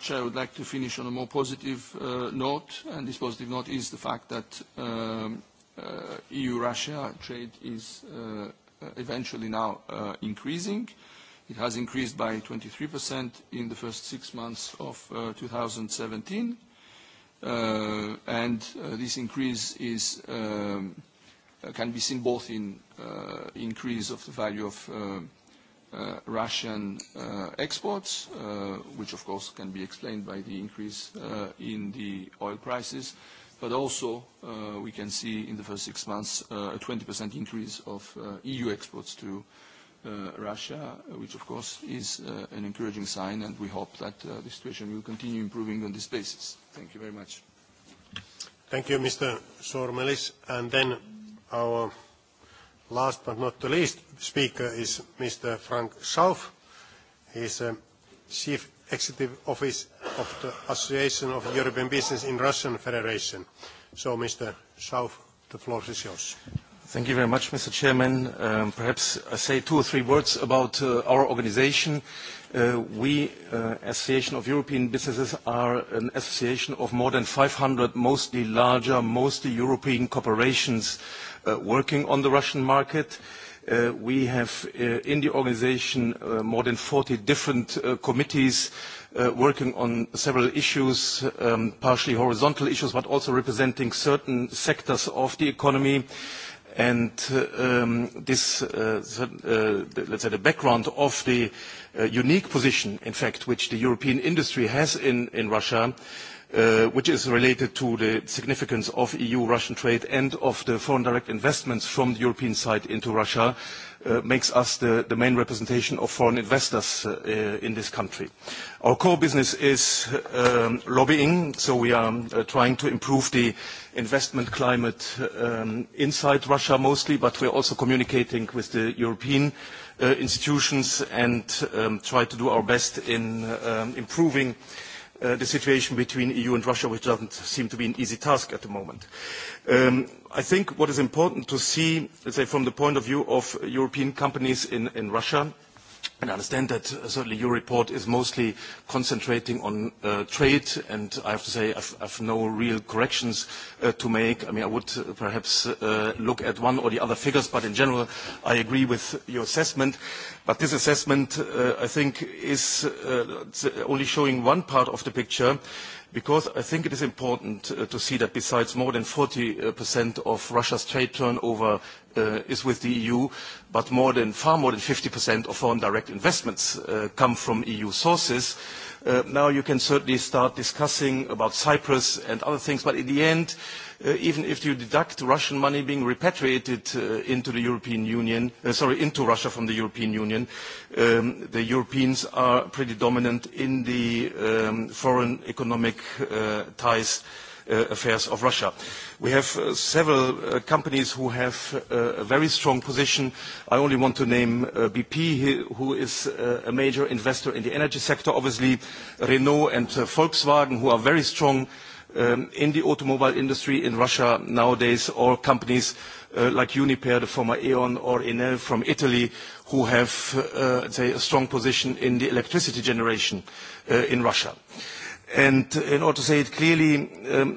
Chair, I would like to finish on a more positive note, and this positive note is the fact that EU-Russia trade is eventually now increasing. It has increased by 23% in the first six months of 2017. And this increase is um can be seen both in increase of the value of Russian exports, which of course can be explained by the increase in the oil prices, but also we can see in the first six months a 20% increase of EU exports to Russia, which of course is an encouraging sign, and we hope that the situation will continue improving on this basis. Thank you very much. Thank you, Mr. Sormelis. Our last but not the least speaker is Mr. Frank Schauf. He is Chief Executive Office of the Association of European Business in Russian Federation. So, Mr. Schauf, the floor is yours. Thank you very much, Mr. Chairman. perhaps I say two or three words about our organization. we, Association of European Businesses, are an association of more than 500, mostly larger, mostly European corporations working on the Russian market. We have in the organization more than 40 different committees working on several issues, partially horizontal issues, but also representing certain sectors of the economy. And This, let's say, the background of the unique position, in fact, which the European industry has in, in Russia, which is related to the significance of EU-Russian trade and of the foreign direct investments from the European side into Russia, makes us the, the main representation of foreign investors in this country. Our core business is lobbying, so we are trying to improve the investment climate inside Russia mostly, but we are also communicating with the European uh, institutions and try to do our best in improving the situation between the EU and Russia, which doesn't seem to be an easy task at the moment. I think what is important to see, let's say, from the point of view of European companies in, Russia, I understand that certainly your report is mostly concentrating on uh, trade, and I have to say I've, I've no real corrections uh, to make. I mean, I would perhaps uh, look at one or the other figures, but in general, I agree with your assessment. But this assessment, uh, I think, is uh, only showing one part of the picture because I think it is important to see that besides more than 40% of Russia's trade turnover is with the EU, but more than, far more than 50% of foreign direct investments come from EU sources. now you can certainly start discussing about Cyprus and other things, but in the end, even if you deduct Russian money being repatriated into the European Union, sorry, into Russia from the European Union, the Europeans are pretty dominant in the foreign economic ties affairs of Russia. We have several companies who have a very strong position. I only want to name BP, who is a major investor in the energy sector, obviously Renault and Volkswagen, who are very strong in the automobile industry in Russia nowadays, or companies like Uniper, the former E.ON, or Enel from Italy, who have, say, a strong position in the electricity generation in Russia. Uh, And in order to say it clearly,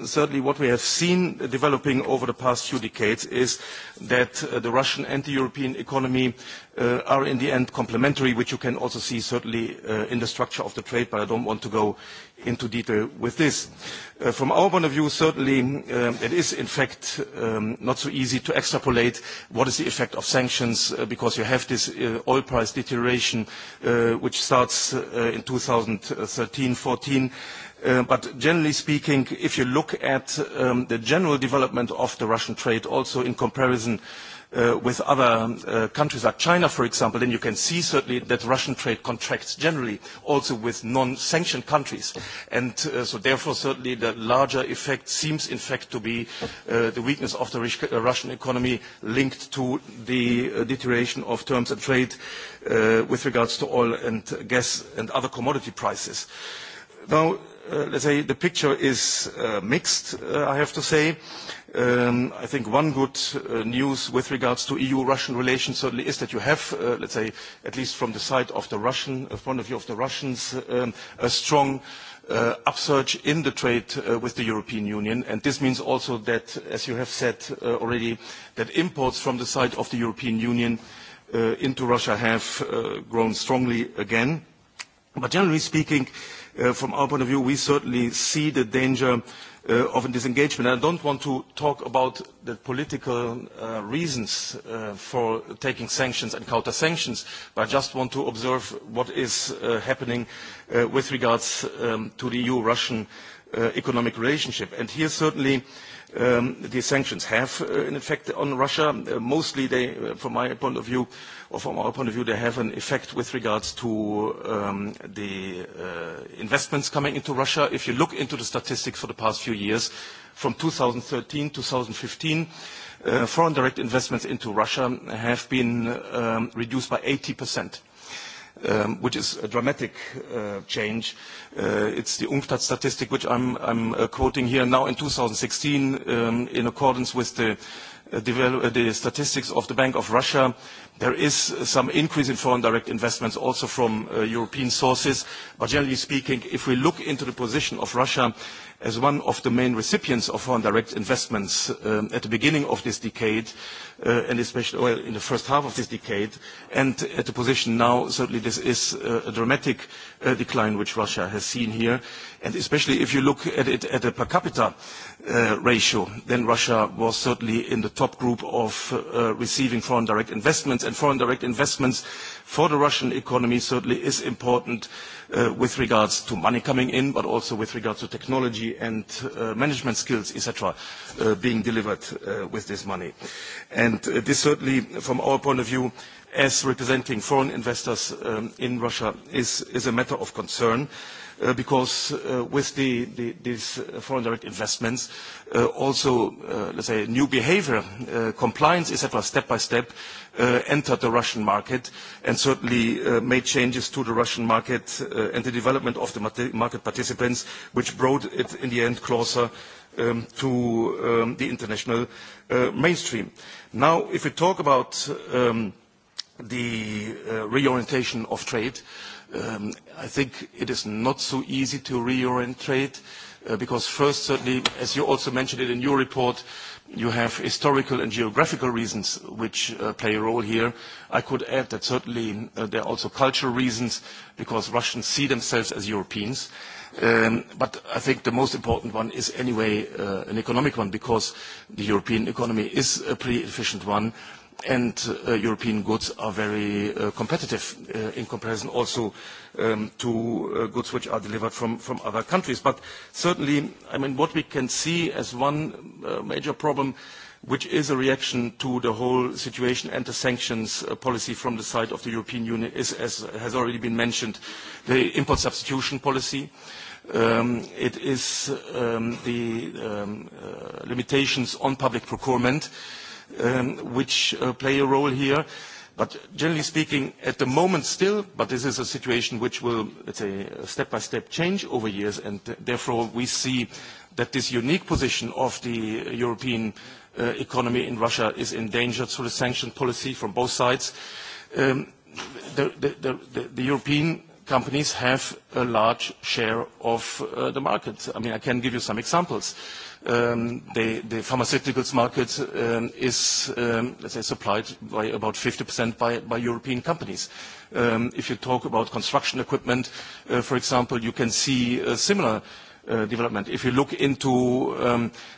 certainly what we have seen developing over the past few decades is that the Russian and the European economy are in the end complementary, which you can also see certainly in the structure of the trade, but I don't want to go into detail with this. From our point of view, certainly it is in fact not so easy to extrapolate what is the effect of sanctions because you have this oil price deterioration which starts in 2013-14 But generally speaking, if you look at the general development of the Russian trade, also in comparison with other countries like China, for example, then you can see certainly that Russian trade contracts generally also with non-sanctioned countries. therefore, certainly the larger effect seems in fact to be the weakness of the Russian economy linked to the deterioration of terms of trade with regards to oil and gas and other commodity prices. Now, let's say the picture is mixed, I have to say. I think one good news with regards to EU-Russian relations certainly is that you have, let's say, at least from the side of the Russian, point of view of the Russians, a strong upsurge in the trade with the European Union. and This means also that, as you have said already, that imports from the side of the European Union into Russia have grown strongly again. But Generally speaking, from our point of view, we certainly see the danger of a disengagement. I don't want to talk about the political reasons for taking sanctions and counter-sanctions, but I just want to observe what is happening with regards to the EU-Russian economic relationship. And here certainly uh, the sanctions have an effect on Russia. mostly, they, from my point of view, or from our point of view, they have an effect with regards to the investments coming into Russia. If you look into the statistics for the past few years, from 2013 to 2015, uh, foreign direct investments into Russia have been reduced by 80 percent um, which is a dramatic uh, change. Uh, it's the UNCTAD statistic, which I'm, I'm uh, quoting here now in 2016, um, in accordance with the the statistics of the Bank of Russia, there is some increase in foreign direct investments also from European sources. But generally speaking, if we look into the position of Russia as one of the main recipients of foreign direct investments at the beginning of this decade, and especially well, in the first half of this decade, and at the position now, certainly this is a dramatic decline which Russia has seen here. and Especially if you look at it at a per capita ratio, then Russia was certainly in the top group of receiving foreign direct investments. And foreign direct investments for the Russian economy certainly is important with regards to money coming in, but also with regards to technology and management skills, cetera, being delivered with this money. And this certainly, from our point of view, as representing foreign investors in Russia, is a matter of concern because with these foreign direct investments, also, let's say, new behavior, compliance, et cetera, step by step, entered the Russian market and certainly made changes to the Russian market and the development of the market participants, which brought it, in the end, closer to the international mainstream. Now, if we talk about the reorientation of trade, I think it is not so easy to reorient trade because first, certainly, as you also mentioned it in your report, you have historical and geographical reasons which play a role here. I could add that certainly there are also cultural reasons because Russians see themselves as Europeans. But I think the most important one is anyway an economic one because the European economy is a pretty efficient one and European goods are very competitive in comparison also to goods which are delivered from, other countries. But certainly, I mean, what we can see as one major problem which is a reaction to the whole situation and the sanctions policy from the side of the European Union is, as has already been mentioned, the import substitution policy. it is the limitations on public procurement which play a role here. But generally speaking, at the moment still, but this is a situation which will, let's say, step-by-step change over years, and therefore we see that this unique position of the European economy in Russia is endangered through the sanction policy from both sides. The European companies have a large share of the market. I mean, I can give you some examples the, the pharmaceuticals market is, let's say, supplied by about 50% by, by European companies. if you talk about construction equipment, for example, you can see a similar development. If you look into,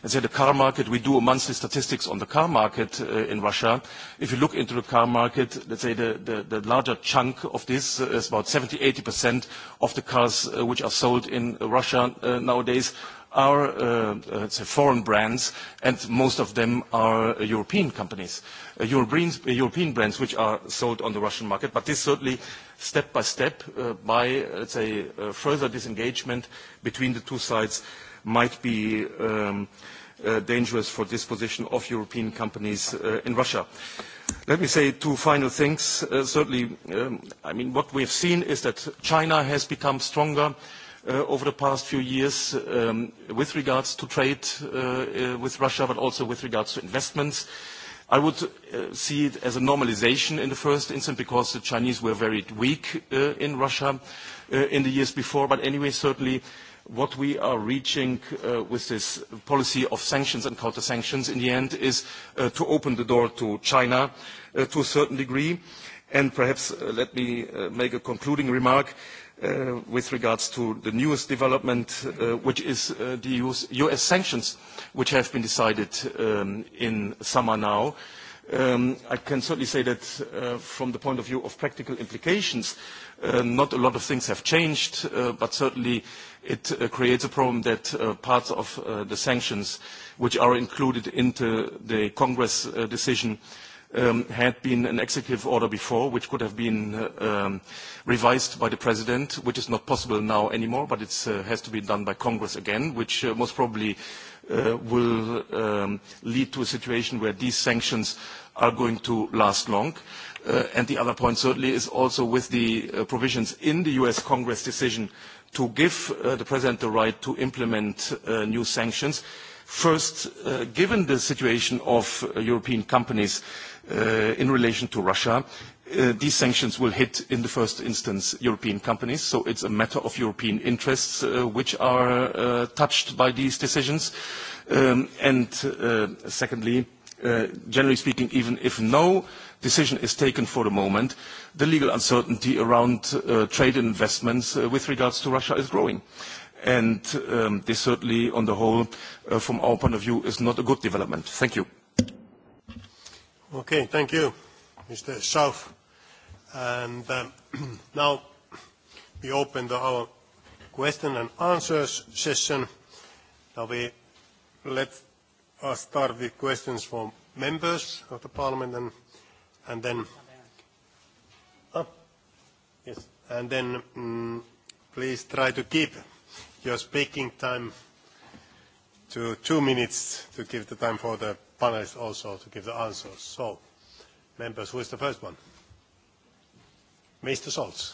let's say, the car market, we do a monthly statistics on the car market in Russia. If you look into the car market, let's say the larger chunk of this is about 70%-80% of the cars which are sold in Russia nowadays are foreign brands, and most of them are European companies, European brands which are sold on the Russian market. But this certainly, step by step, by let's say further disengagement between the two sides, might be dangerous for this position of European companies in Russia. Let me say two final things. Certainly, I mean, what we have seen is that China has become stronger over the past few years with regards to trade with Russia, but also with regards to investments. I would see it as a normalization in the first instance because the Chinese were very weak in Russia in the years before. But anyway, certainly what we are reaching with this policy of sanctions and counter-sanctions in the end is to open the door to China to a certain degree. And perhaps let me make a concluding remark. Uh, with regards to the newest development, which is the U.S. sanctions, which have been decided in summer now. I can certainly say that from the point of view of practical implications, not a lot of things have changed, but certainly it creates a problem that parts of the sanctions which are included into the Congress decision had been an executive order before, which could have been revised by the president, which is not possible now anymore, but it has to be done by Congress again, which most probably will lead to a situation where these sanctions are going to last long. and the other point certainly is also with the provisions in the U.S. Congress decision to give the president the right to implement new sanctions. First, given the situation of European companies, in relation to Russia, these sanctions will hit, in the first instance, European companies. So it's a matter of European interests which are touched by these decisions. and secondly, generally speaking, even if no decision is taken for the moment, the legal uncertainty around trade and investments with regards to Russia is growing. And this certainly, on the whole, from our point of view, is not a good development. Thank you. Okay, thank you, Mr. Schauf. And now we open the, our question and answers session. Now we let us start with questions from members of the parliament and, and then oh, yes, and then um, please try to keep your speaking time to two minutes to give the time for the panelists also to give the answers. So, members, who is the first one? Mr. Scholz.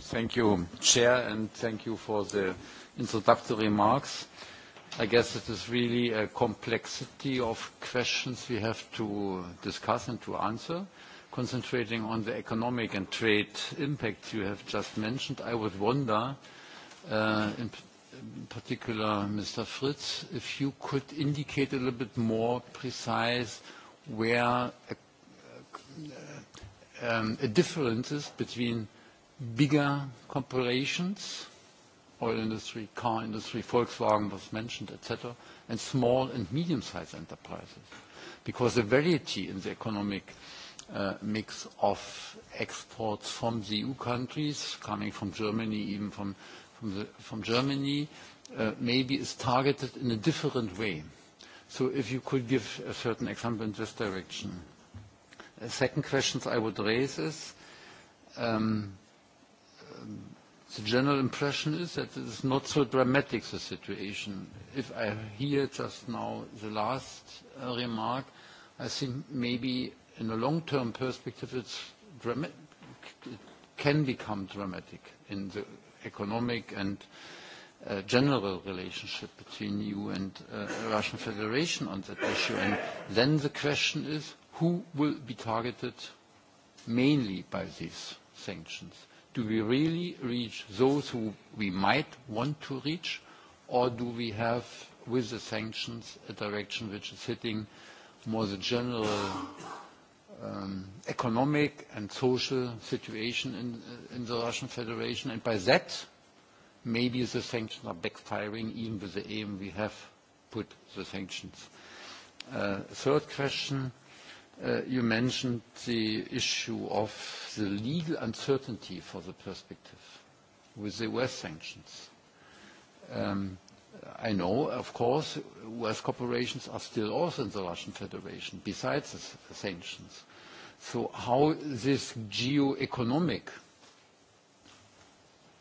Thank you, Chair, and thank you for the introductory remarks. I guess it is really a complexity of questions we have to discuss and to answer. Concentrating on the economic and trade impacts you have just mentioned, I would wonder, in in particular Mr. Fritz, if you could indicate a little bit more precise where a difference is between bigger corporations, oil industry, car industry, Volkswagen was mentioned, et cetera, and small and medium-sized enterprises. Because the variety in the economic mix of exports from the EU countries, coming from Germany, even from from, Germany maybe is targeted in a different way. So if you could give a certain example in this direction. A second question I would raise is, um, the general impression is that it is not so dramatic, the situation. If I hear just now the last remark, I think maybe in a long-term perspective, it's it can become dramatic in the economic and general relationship between EU and uh, Russian Federation on that issue. And then the question is, who will be targeted mainly by these sanctions? Do we really reach those who we might want to reach, or do we have, with the sanctions, a direction which is hitting more the general economic and social situation in the Russian Federation. And by that, maybe the sanctions are backfiring, even with the aim we have put the sanctions. Third question, you mentioned the issue of the legal uncertainty for the perspective with the U.S. sanctions. I know, of course, U.S. corporations are still also in the Russian Federation besides the sanctions. So how these geo-economic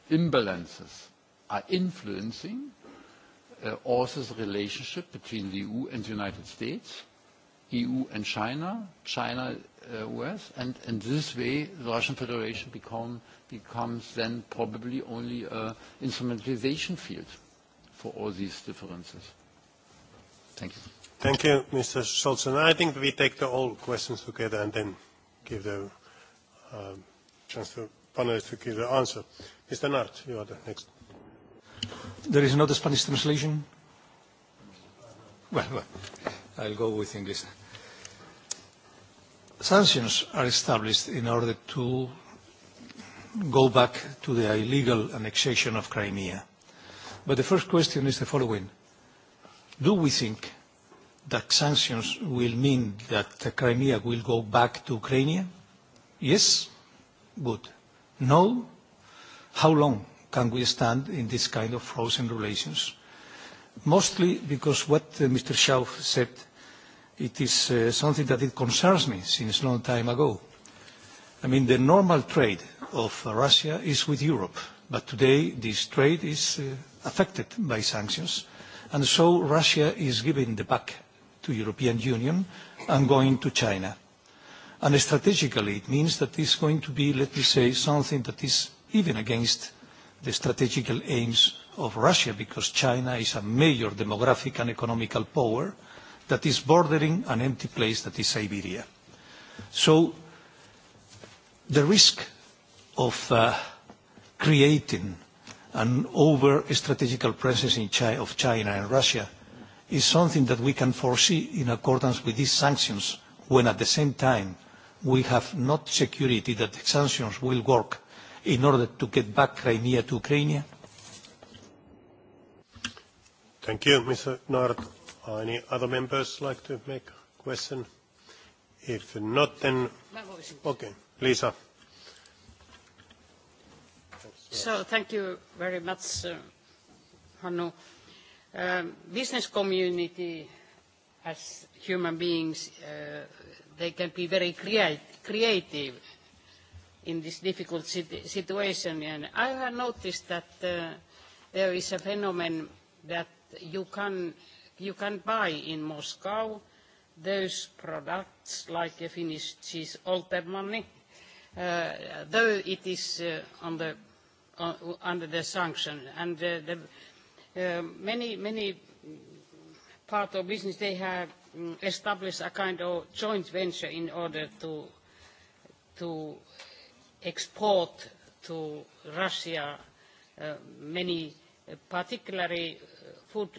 imbalances are influencing also the relationship between the EU and the United States, EU and China, China, U.S., and in this way, the Russian Federation becomes then probably only an instrumentalization field for all these differences. Thank you. Thank you, Mr. Scholz. I think we take the all questions together and then give the uh, chance for panelists to give the answer. Mr. Nart, you are the next. There is another Spanish translation? Well, well I'll go with English. Sanctions are established in order to go back to the illegal annexation of Crimea. But the first question is the following. Do we think that sanctions will mean that Crimea will go back to Ukraine? Yes? Good. No? How long can we stand in this kind of frozen relations? Mostly because what Mr. Schauf said, it is something that it concerns me since a long time ago. I mean, the normal trade of Russia is with Europe, but today this trade is affected by sanctions, and so Russia is giving the back to European Union and going to China. And strategically, it means that it's going to be, let me say, something that is even against the strategical aims of Russia, because China is a major demographic and economical power that is bordering an empty place that is Siberia. So the risk of uh, creating an over-strategical presence in China, of China and Russia – is something that we can foresee in accordance with these sanctions when at the same time we have not security that the sanctions will work in order to get back Crimea to Ukraine? Thank you, Mr. Nord. Any other members like to make a question? If not, then... Okay, Lisa. So thank you very much, uh, Hannu business community as human beings, uh, they can be very creat- creative in this difficult situation. And I have noticed that uh, there is a phenomenon that you can, you can buy in Moscow those products like a Finnish cheese money, uh, though it is uh, on the, uh, under the sanction. And uh, the many many part of business they have established a kind of joint venture in order to to export to Russia many particularly food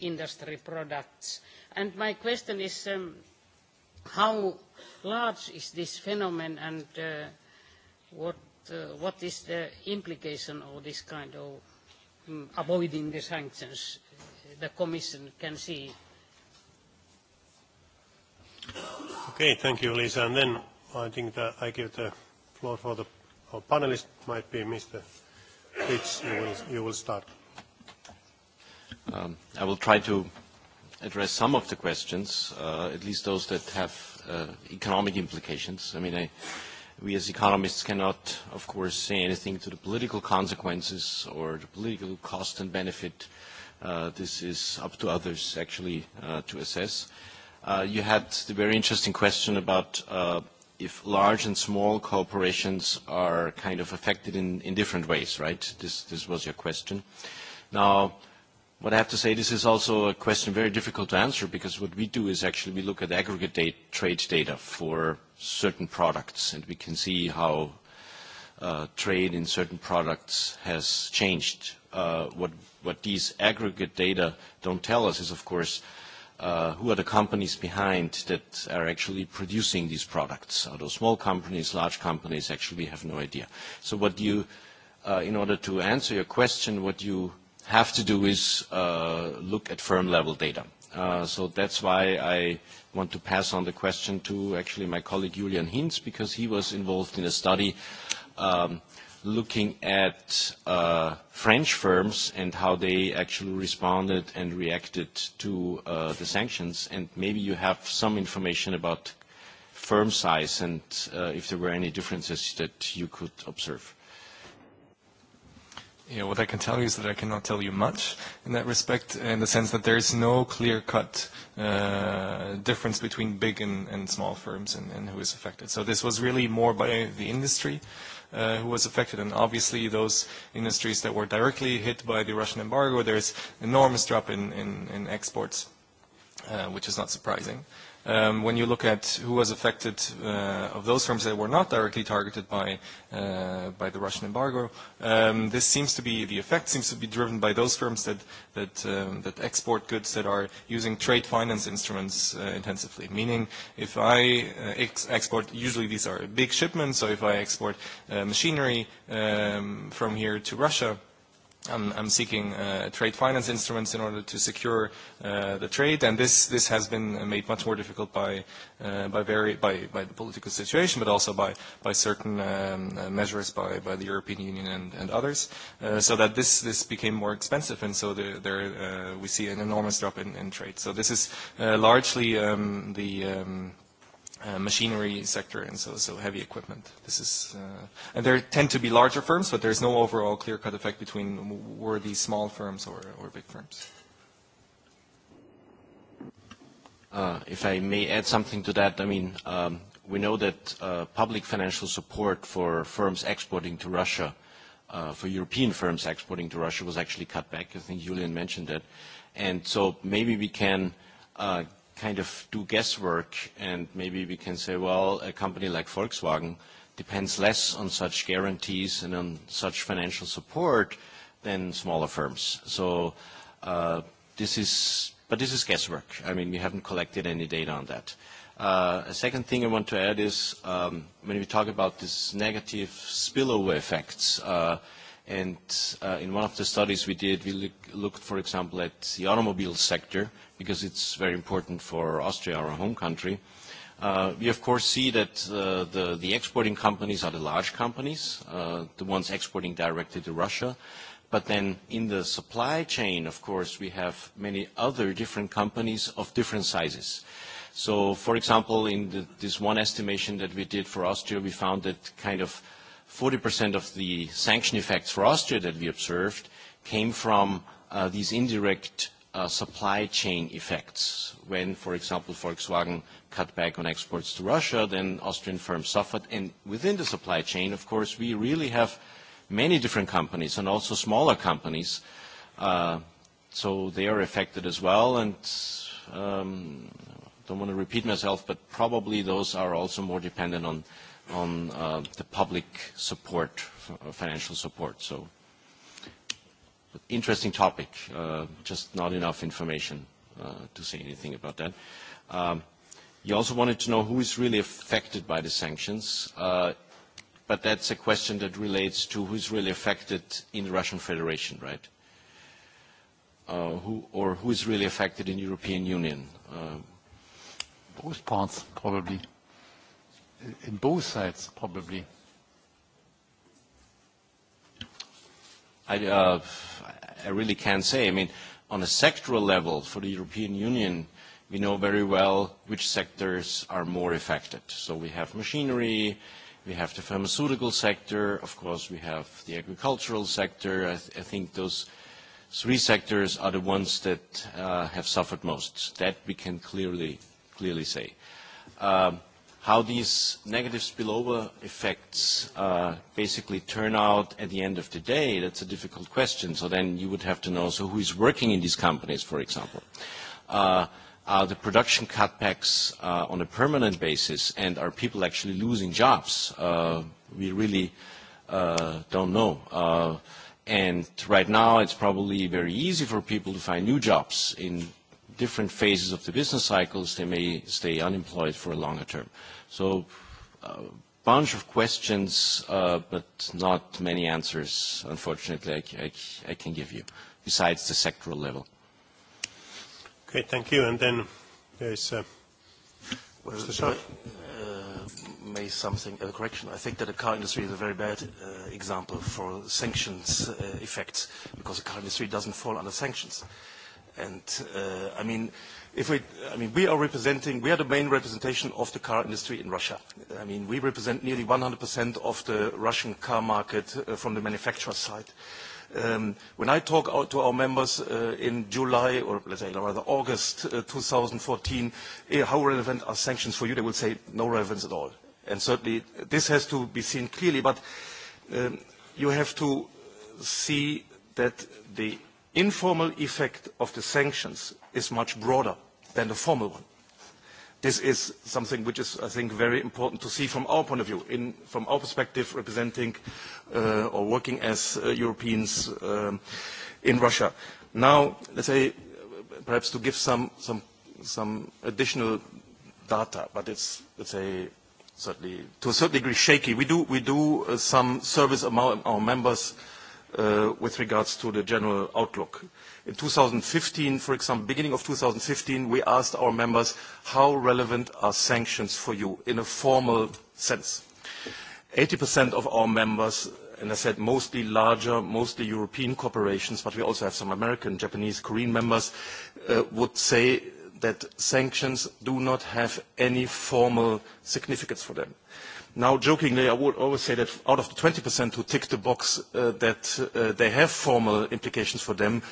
industry products. And My question is, how large is this phenomenon and what what is the implication of this kind of avoiding the sanctions the Commission can see? Okay, thank you, Lisa. And then I think that I give the floor for the our panelist, might be Mr. Fritz. You will, you will start. Um, I will try to address some of the questions, uh, at least those that have uh, economic implications. I mean, I, we as economists cannot, of course, say anything to the political consequences or the political cost and benefit. Uh, this is up to others, actually, uh, to assess. Uh, you had the very interesting question about uh, if large and small corporations are kind of affected in, in different ways, right? This, this was your question. Now, What I have to say, this is also a question very difficult to answer because what we do is actually we look at aggregate date, trade data for certain products, and we can see how trade in certain products has changed. What these aggregate data don't tell us is, of course, who are the companies behind that are actually producing these products? Are those small companies, large companies? Actually, we have no idea. So what you, in order to answer your question, what you have to do is look at firm-level data. So that's why I want to pass on the question to actually my colleague, Julian Hinz, because he was involved in a study looking at French firms and how they actually responded and reacted to the sanctions. And maybe you have some information about firm size and if there were any differences that you could observe you know, what I can tell you is that I cannot tell you much in that respect, in the sense that there is no clear-cut uh, difference between big and, and small firms and, and who is affected. So this was really more by the industry uh, who was affected, and obviously those industries that were directly hit by the Russian embargo, there's enormous drop in, in, in exports, uh, which is not surprising. Uh, um, when you look at who was affected uh, of those firms that were not directly targeted by, uh, by the Russian embargo, um, this seems to be, the effect seems to be driven by those firms that, that, um, that export goods that are using trade finance instruments uh, intensively. Meaning, if I uh, ex export, usually these are big shipments, so if I export uh, machinery um, from here to Russia, I'm, I'm seeking uh, trade finance instruments in order to secure uh, the trade, and this this has been made much more difficult by uh, by, very, by by the political situation, but also by by certain um, measures by, by the European Union and, and others, uh, so that this this became more expensive, and so the, there uh, we see an enormous drop in, in trade. So this is uh, largely um, the um, machinery sector and so, so heavy equipment. This is, uh, and there tend to be larger firms, but there's no overall clear-cut effect between were these small firms or, or big firms. Uh, if I may add something to that, I mean, um, we know that uh, public financial support for firms exporting to Russia, uh, for European firms exporting to Russia was actually cut back. I think Julian mentioned that. And so maybe we can uh, kind of do guesswork, and maybe we can say, well, a company like Volkswagen depends less on such guarantees and on such financial support than smaller firms. So this is, but this is guesswork. I mean, we haven't collected any data on that. a second thing I want to add is when we talk about this negative spillover effects, and in one of the studies we did, we looked, for example, at the automobile sector, because it's very important for Austria, our home country. Uh, we, of course, see that uh, the, the exporting companies are the large companies, uh, the ones exporting directly to Russia. But then in the supply chain, of course, we have many other different companies of different sizes. So, for example, in the, this one estimation that we did for Austria, we found that kind of 40% of the sanction effects for Austria that we observed came from uh, these indirect supply chain effects. When, for example, Volkswagen cut back on exports to Russia, then Austrian firms suffered. And within the supply chain, of course, we really have many different companies and also smaller companies. So they are affected as well, and um don't want to repeat myself, but probably those are also more dependent on on uh the public support, financial support. So interesting topic, uh, just not enough information uh, to say anything about that. Um, you also wanted to know who is really affected by the sanctions, uh, but that's a question that relates to who is really affected in the Russian Federation, right? Uh, who, or who is really affected in the European Union? Uh, both parts, probably. In both sides, probably I, uh, I really can't say. I mean, on a sectoral level for the European Union, we know very well which sectors are more affected. So we have machinery, we have the pharmaceutical sector, of course, we have the agricultural sector. I, th I think those three sectors are the ones that uh, have suffered most. That we can clearly, clearly say. Um, how these negative spillover effects uh, basically turn out at the end of the day, that's a difficult question. So then you would have to know, so who is working in these companies, for example? Uh, are the production cutbacks uh, on a permanent basis, and are people actually losing jobs? Uh, we really uh, don't know. Uh, and right now it's probably very easy for people to find new jobs in different phases of the business cycles, they may stay unemployed for a longer term. So a bunch of questions, uh, but not many answers, unfortunately, I, I, I can give you, besides the sectoral level. Okay, thank you. And then there is uh, Mr. Sharp. May something, a correction. I think that the car industry is a very bad uh, example for sanctions uh, effects because the car industry doesn't fall under sanctions. Uh, And uh, I mean, if we, I mean, we are representing, we are the main representation of the car industry in Russia. I mean, we represent nearly 100% of the Russian car market uh, from the manufacturer side. Um, when I talk out to our members uh, in July, or let's say rather August uh, 2014, eh, how relevant are sanctions for you? They will say no relevance at all. And certainly this has to be seen clearly, but um, you have to see that the informal effect of the sanctions is much broader than the formal one. This is something which is, I think, very important to see from our point of view, in, from our perspective representing uh, or working as uh, Europeans um, in Russia. Now, let's say, perhaps to give some, some, some additional data, but it's, let's say, certainly, to a certain degree shaky. We do, we do uh, some service among our members uh, with regards to the general outlook. In 2015, for example, beginning of 2015, we asked our members, "How relevant are sanctions for you in a formal sense?" 80% of our members, and I said mostly larger, mostly European corporations, but we also have some American, Japanese, Korean members, would say that sanctions do not have any formal significance for them. Now, jokingly, I would always say that out of the 20% who tick the box uh, that uh, they have formal implications for them,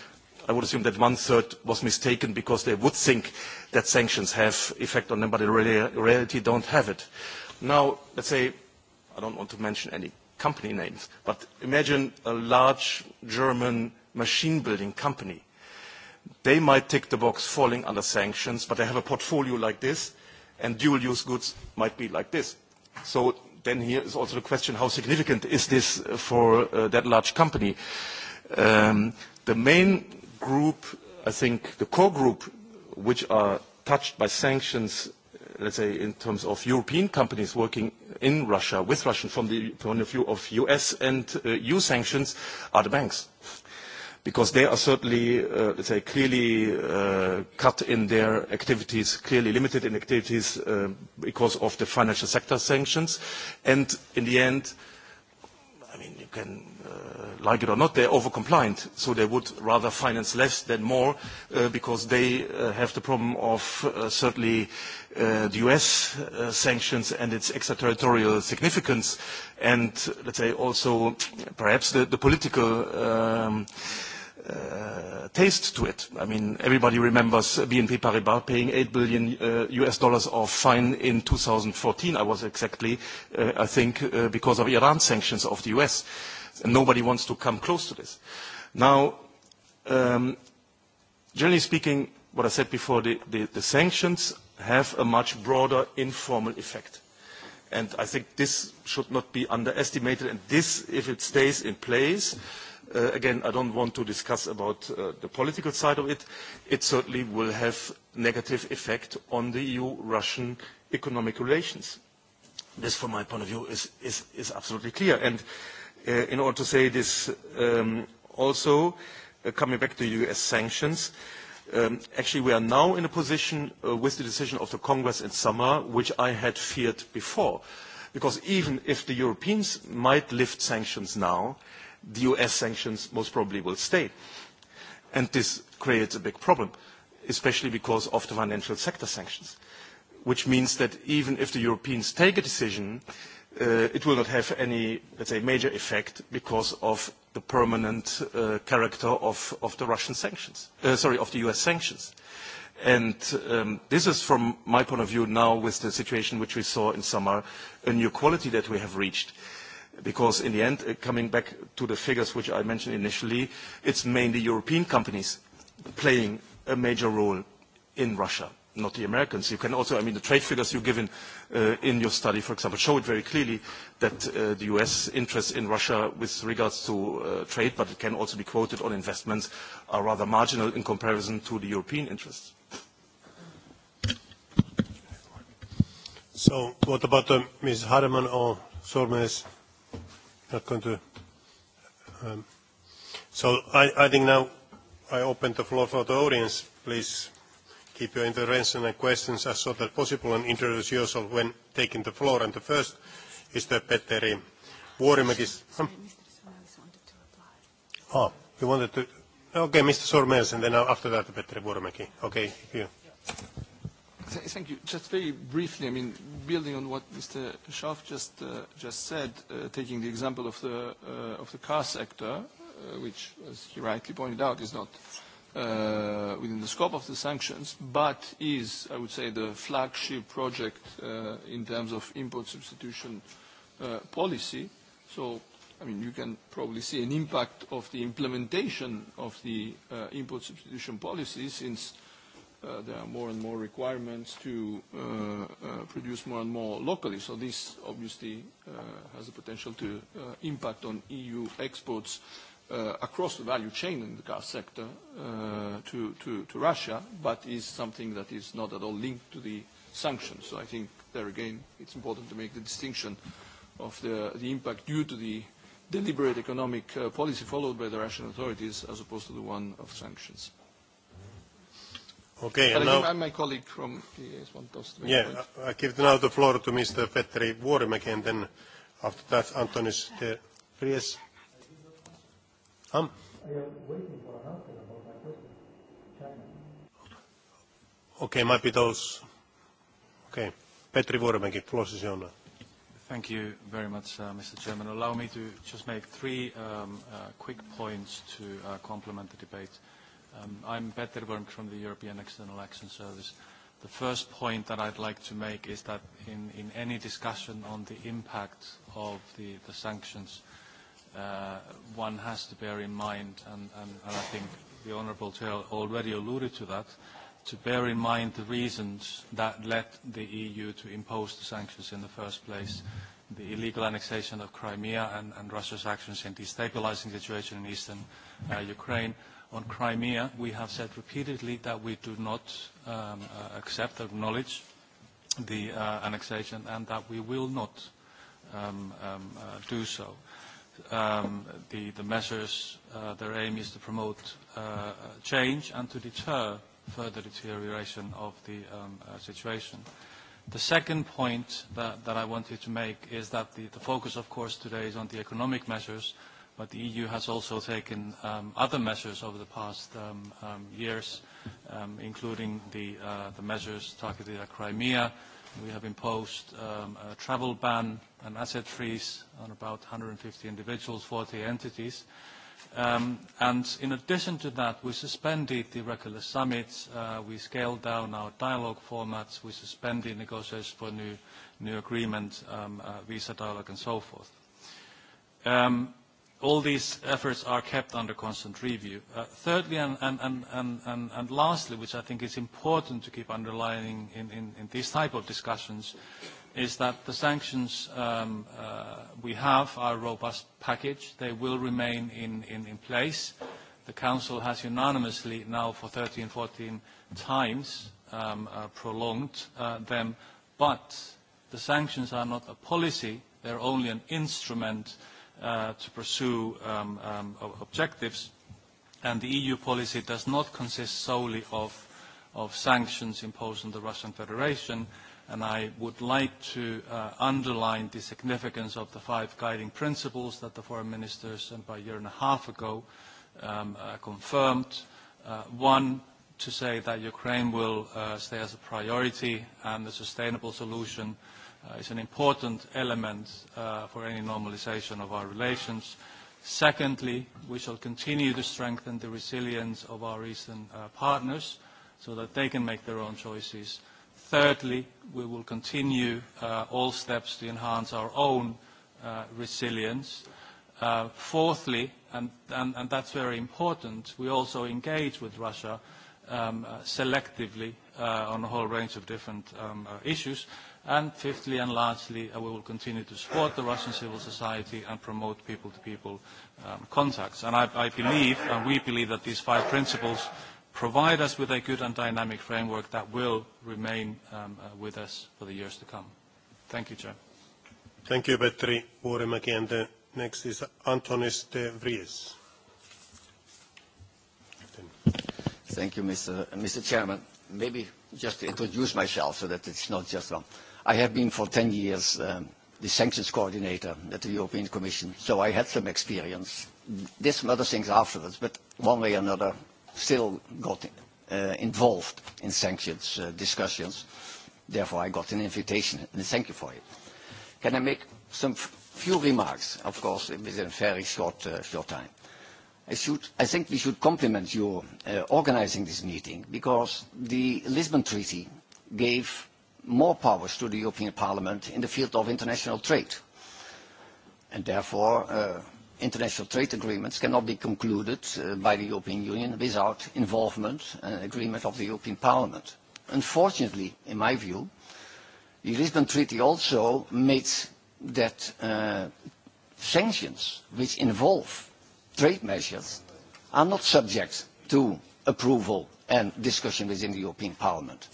I would assume that one-third was mistaken because they would think that sanctions have effect on them, but in reality don't have it. Now, let's say, I don't want to mention any company names, but imagine a large German machine building company. They might tick the box falling under sanctions, but they have a portfolio like this, and dual-use goods might be like this So then here is also the question, how significant is this for that large company? the main group, I think, the core group, which are touched by sanctions, let's say, in terms of European companies working in Russia, with Russia, from the point of view of US and EU sanctions, are the banks because they are certainly, uh, let's say, clearly uh, cut in their activities, clearly limited in activities uh, because of the financial sector sanctions. And in the end, I mean, you can uh, like it or not, they're overcompliant. So they would rather finance less than more uh, because they uh, have the problem of uh, certainly uh, the US uh, sanctions and its extraterritorial significance and, let's say, also perhaps the, the political um, taste to it. I mean, everybody remembers BNP Paribas paying $8 billion uh, US dollars of fine in 2014, I was exactly, uh, I think, uh, because of Iran sanctions of the US. And nobody wants to come close to this. Now, um, generally speaking, what I said before, the, the, the sanctions have a much broader informal effect. And I think this should not be underestimated. And this, if it stays in place, mm again, I don't want to discuss about the political side of it. It certainly will have negative effect on the EU-Russian economic relations. This, from my point of view, is, is, is absolutely clear. And in order to say this also, coming back to U.S. sanctions, actually we are now in a position with the decision of the Congress in summer, which I had feared before. Because even if the Europeans might lift sanctions now, uh, the US sanctions most probably will stay. And this creates a big problem, especially because of the financial sector sanctions, which means that even if the Europeans take a decision, it will not have any, let's say, major effect because of the permanent character of, the Russian sanctions, sorry, of the US sanctions. And this is, from my point of view now, with the situation which we saw in summer, a new quality that we have reached – Because in the end, coming back to the figures which I mentioned initially, it's mainly European companies playing a major role in Russia, not the Americans. You can also, I mean, the trade figures you given in your study, for example, show it very clearly that the U.S. interests in Russia with regards to trade, but it can also be quoted on investments, are rather marginal in comparison to the European interests. So what about Ms. Hardeman or Sormes? not going to. so I, I think now I open the floor for the audience. Please keep your intervention and questions as short as possible and introduce yourself when taking the floor. And the first is the Petteri Vuorimäki. Huh? Oh, you wanted to... Okay, Mr. Sormels, and then after that, Petteri Vuorimäki. Okay, you. Thank you. Just very briefly, I mean, building on what Mr. Schaaf just uh, just said, uh, taking the example of the uh, of the car sector, uh, which, as he rightly pointed out, is not uh, within the scope of the sanctions, but is, I would say, the flagship project uh, in terms of import substitution uh, policy. So, I mean, you can probably see an impact of the implementation of the uh, import substitution policy since there are more and more requirements to uh, uh, produce more and more locally. So this obviously uh, has the potential to uh, impact on EU exports uh, across the value chain in the car sector uh, to, to, to Russia, but is something that is not at all linked to the sanctions. So I think there again it's important to make the distinction of the, the impact due to the deliberate economic uh, policy followed by the Russian authorities as opposed to the one of sanctions. Okay, and now- My colleague from PS want three points. Yeah. I give now the floor to Mr. Petri Vuorimäki, and then after that, Antonis de Vries. Um? I am waiting for an answer about my question, China. Okay, might be those. Okay. Petri Vuorimäki, floor is yours. now. Thank you very much, uh Mr. Chairman. Allow me to just make three um uh quick points to uh complement the debate. Um, I'm Peter Wörnk from the European External Action Service. The first point that I'd like to make is that in, in any discussion on the impact of the, the sanctions, uh, one has to bear in mind, and, and, and I think the Honourable Chair already alluded to that, to bear in mind the reasons that led the EU to impose the sanctions in the first place, the illegal annexation of Crimea and, and Russia's actions in destabilizing the situation in eastern uh, Ukraine, on Crimea, we have said repeatedly that we do not um, uh, accept, acknowledge the uh, annexation and that we will not um, um, uh, do so. Um, the, the measures, uh, their aim is to promote uh, change and to deter further deterioration of the um, uh, situation. The second point that, that I wanted to make is that the, the focus, of course, today is on the economic measures, But the EU has also taken um, other measures over the past um, um, years, um, including the, uh, the measures targeted at Crimea. We have imposed um, a travel ban, and asset freeze on about 150 individuals, 40 entities. Um, and in addition to that, we suspended the regular summits, uh, we scaled down our dialogue formats, we suspended negotiations for new, new agreement, um, uh, visa dialogue and so forth. Um, all these efforts are kept under constant review. Thirdly, and lastly, which I think is important to keep underlining in these type of discussions, is that the sanctions we have are a robust package. They will remain in place. The Council has unanimously now for 13, 14 times prolonged them, but the sanctions are not a policy, they're only an instrument to pursue objectives. the EU policy does not consist solely of, sanctions imposed on the Russian Federation. And I would like to underline the significance of the five guiding principles that the foreign ministers about a year and a half ago confirmed. one, to say that Ukraine will stay as a priority and a sustainable solution is an important element for any normalization of our relations. Secondly, we shall continue to strengthen the resilience of our eastern partners so that they can make their own choices. Thirdly, we will continue all steps to enhance our own resilience. Fourthly, and that's very important, we also engage with Russia um, selectively on a whole range of different um, issues. And fifthly and largely, we will continue to support the Russian civil society and promote people-to-people contacts. I, believe, and we believe, that these five principles provide us with a good and dynamic framework that will remain with us for the years to come. Thank you, Chair. Thank you, Petri Vuorimäki. And next is Antonis de Vries. Thank you, Mr. Chairman. Maybe just to introduce myself so that it's not just one. I have been for 10 years um, the sanctions coordinator at the European Commission, so I had some experience. Did some other things afterwards, but one way or another, still got uh, involved in sanctions uh, discussions. Therefore, I got an invitation, and thank you for it. Can I make some few remarks, of course, within a very short, uh, short time? I, should, I think we should compliment you uh, organizing this meeting because the Lisbon Treaty gave more powers to the European Parliament in the field of international trade. And therefore, international trade agreements cannot be concluded by the European Union without involvement and agreement of the European Parliament. Unfortunately, in my view, the Lisbon Treaty also made that sanctions which involve trade measures are not subject to approval and discussion within the European Parliament.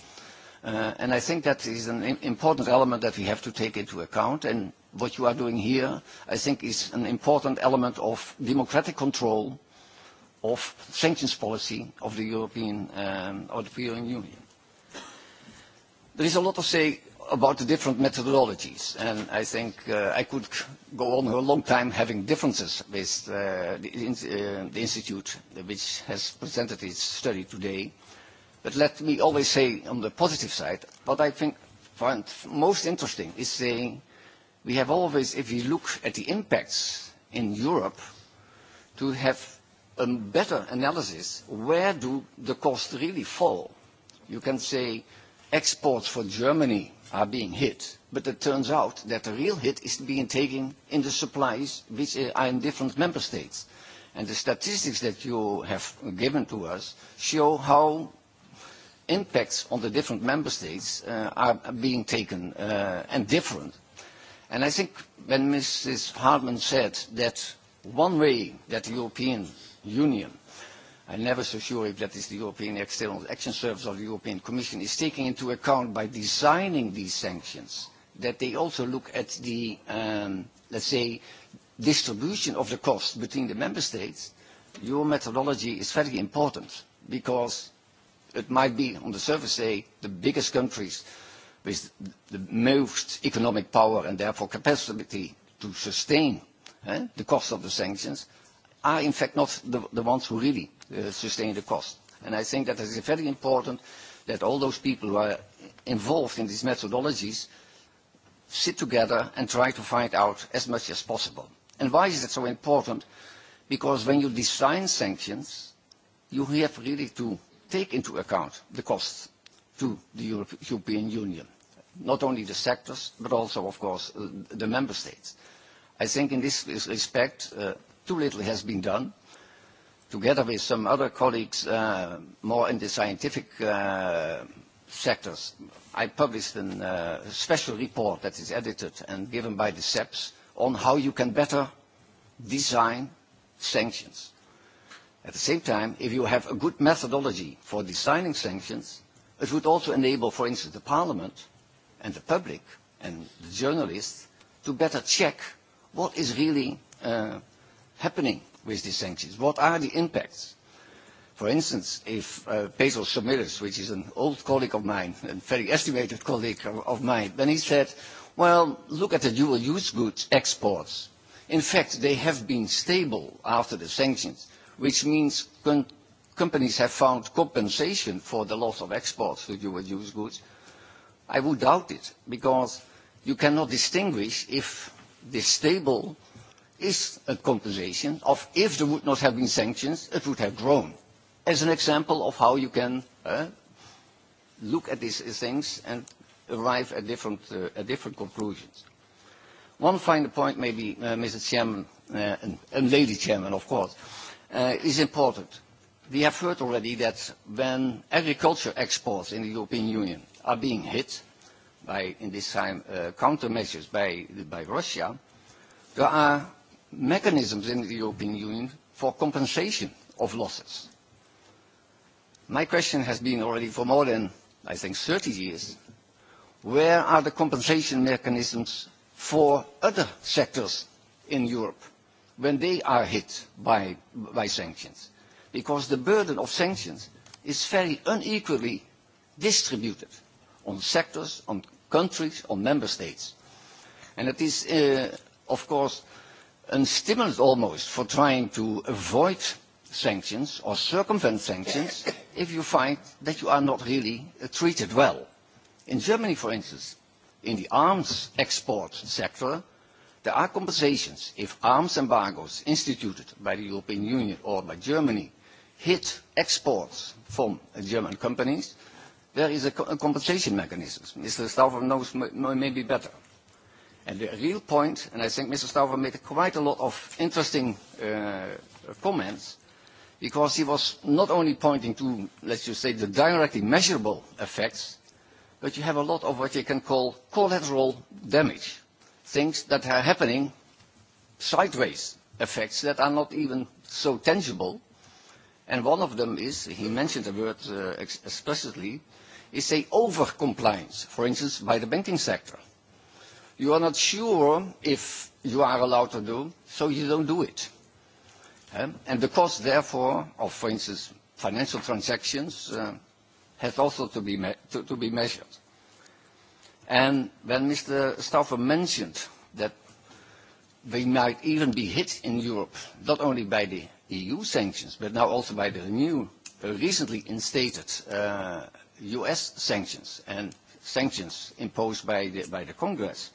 and I think that is an important element that we have to take into account. And what you are doing here, I think, is an important element of democratic control of sanctions policy of the European, um, of the European Union. There is a lot to say about the different methodologies. And I think uh, I could go on a long time having differences with uh, the, in, uh, the institute which has presented its study today. But let me always say on the positive side, what I think find most interesting is saying we have always, if we look at the impacts in Europe, to have a better analysis, where do the costs really fall? You can say exports for Germany are being hit. But it turns out that the real hit is being taken in the supplies which are in different member states. And the statistics that you have given to us show how impacts on the different member states are being taken and different. And I think when Mrs. Hartman said that one way that the European Union I'm never so sure if that is the European External Action Service or the European Commission is taking into account by designing these sanctions that they also look at the, um, let's say, distribution of the cost between the member states. Your methodology is very important because it might be on the surface say the biggest countries with the most economic power and therefore capacity to sustain eh, the cost of the sanctions are in fact not the, the ones who really uh, sustain the cost. And I think that it is very important that all those people who are involved in these methodologies sit together and try to find out as much as possible. And why is it so important? Because when you design sanctions, you have really to take into account the costs to the European Union, not only the sectors, but also, of course, the member states. I think in this respect, uh, Too little has been done. Together with some other colleagues uh, more in the scientific uh, sectors, I published a uh, special report that is edited and given by the SEPs on how you can better design sanctions. At the same time, if you have a good methodology for designing sanctions, it would also enable, for instance, the parliament and the public and the journalists to better check what is really uh, happening with these sanctions? What are the impacts? For instance, if uh, Basil Shamilus, which is an old colleague of mine, a very estimated colleague of, of mine, then he said, well, look at the dual-use goods exports. In fact, they have been stable after the sanctions, which means con companies have found compensation for the loss of exports to dual-use goods. I would doubt it, because you cannot distinguish if the stable is a compensation of if there would not have been sanctions, it would have grown. As an example of how you can uh, look at these things and arrive at different, uh, at different conclusions. One final point, maybe, uh, Mr. Chairman, uh, and, and Lady Chairman, of course, uh, is important. We have heard already that when agriculture exports in the European Union are being hit by, in this time, uh, countermeasures by, by Russia, there are mechanisms in the European Union for compensation of losses. My question has been already for more than, I think, 30 years, where are the compensation mechanisms for other sectors in Europe when they are hit by, by sanctions? Because the burden of sanctions is very unequally distributed on sectors, on countries, on member states. And it is, uh, of course, a stimulus almost for trying to avoid sanctions or circumvent sanctions if you find that you are not really treated well. In Germany, for instance, in the arms export sector, there are compensations if arms embargoes instituted by the European Union or by Germany hit exports from German companies, there is a compensation mechanism. Mr. Stauffer knows maybe better. And the real point, and I think Mr. Stauffer made quite a lot of interesting uh, comments, because he was not only pointing to, let's just say, the directly measurable effects, but you have a lot of what you can call collateral damage, things that are happening sideways, effects that are not even so tangible. And one of them is, he mentioned the word uh, explicitly, is say compliance, for instance, by the banking sector you are not sure if you are allowed to do, so you don't do it. And the cost, therefore, of, for instance, financial transactions uh, has also to be, to, to be measured. And when Mr. Stauffer mentioned that we might even be hit in Europe, not only by the EU sanctions, but now also by the new, uh, recently instated uh, US sanctions and sanctions imposed by the, by the Congress,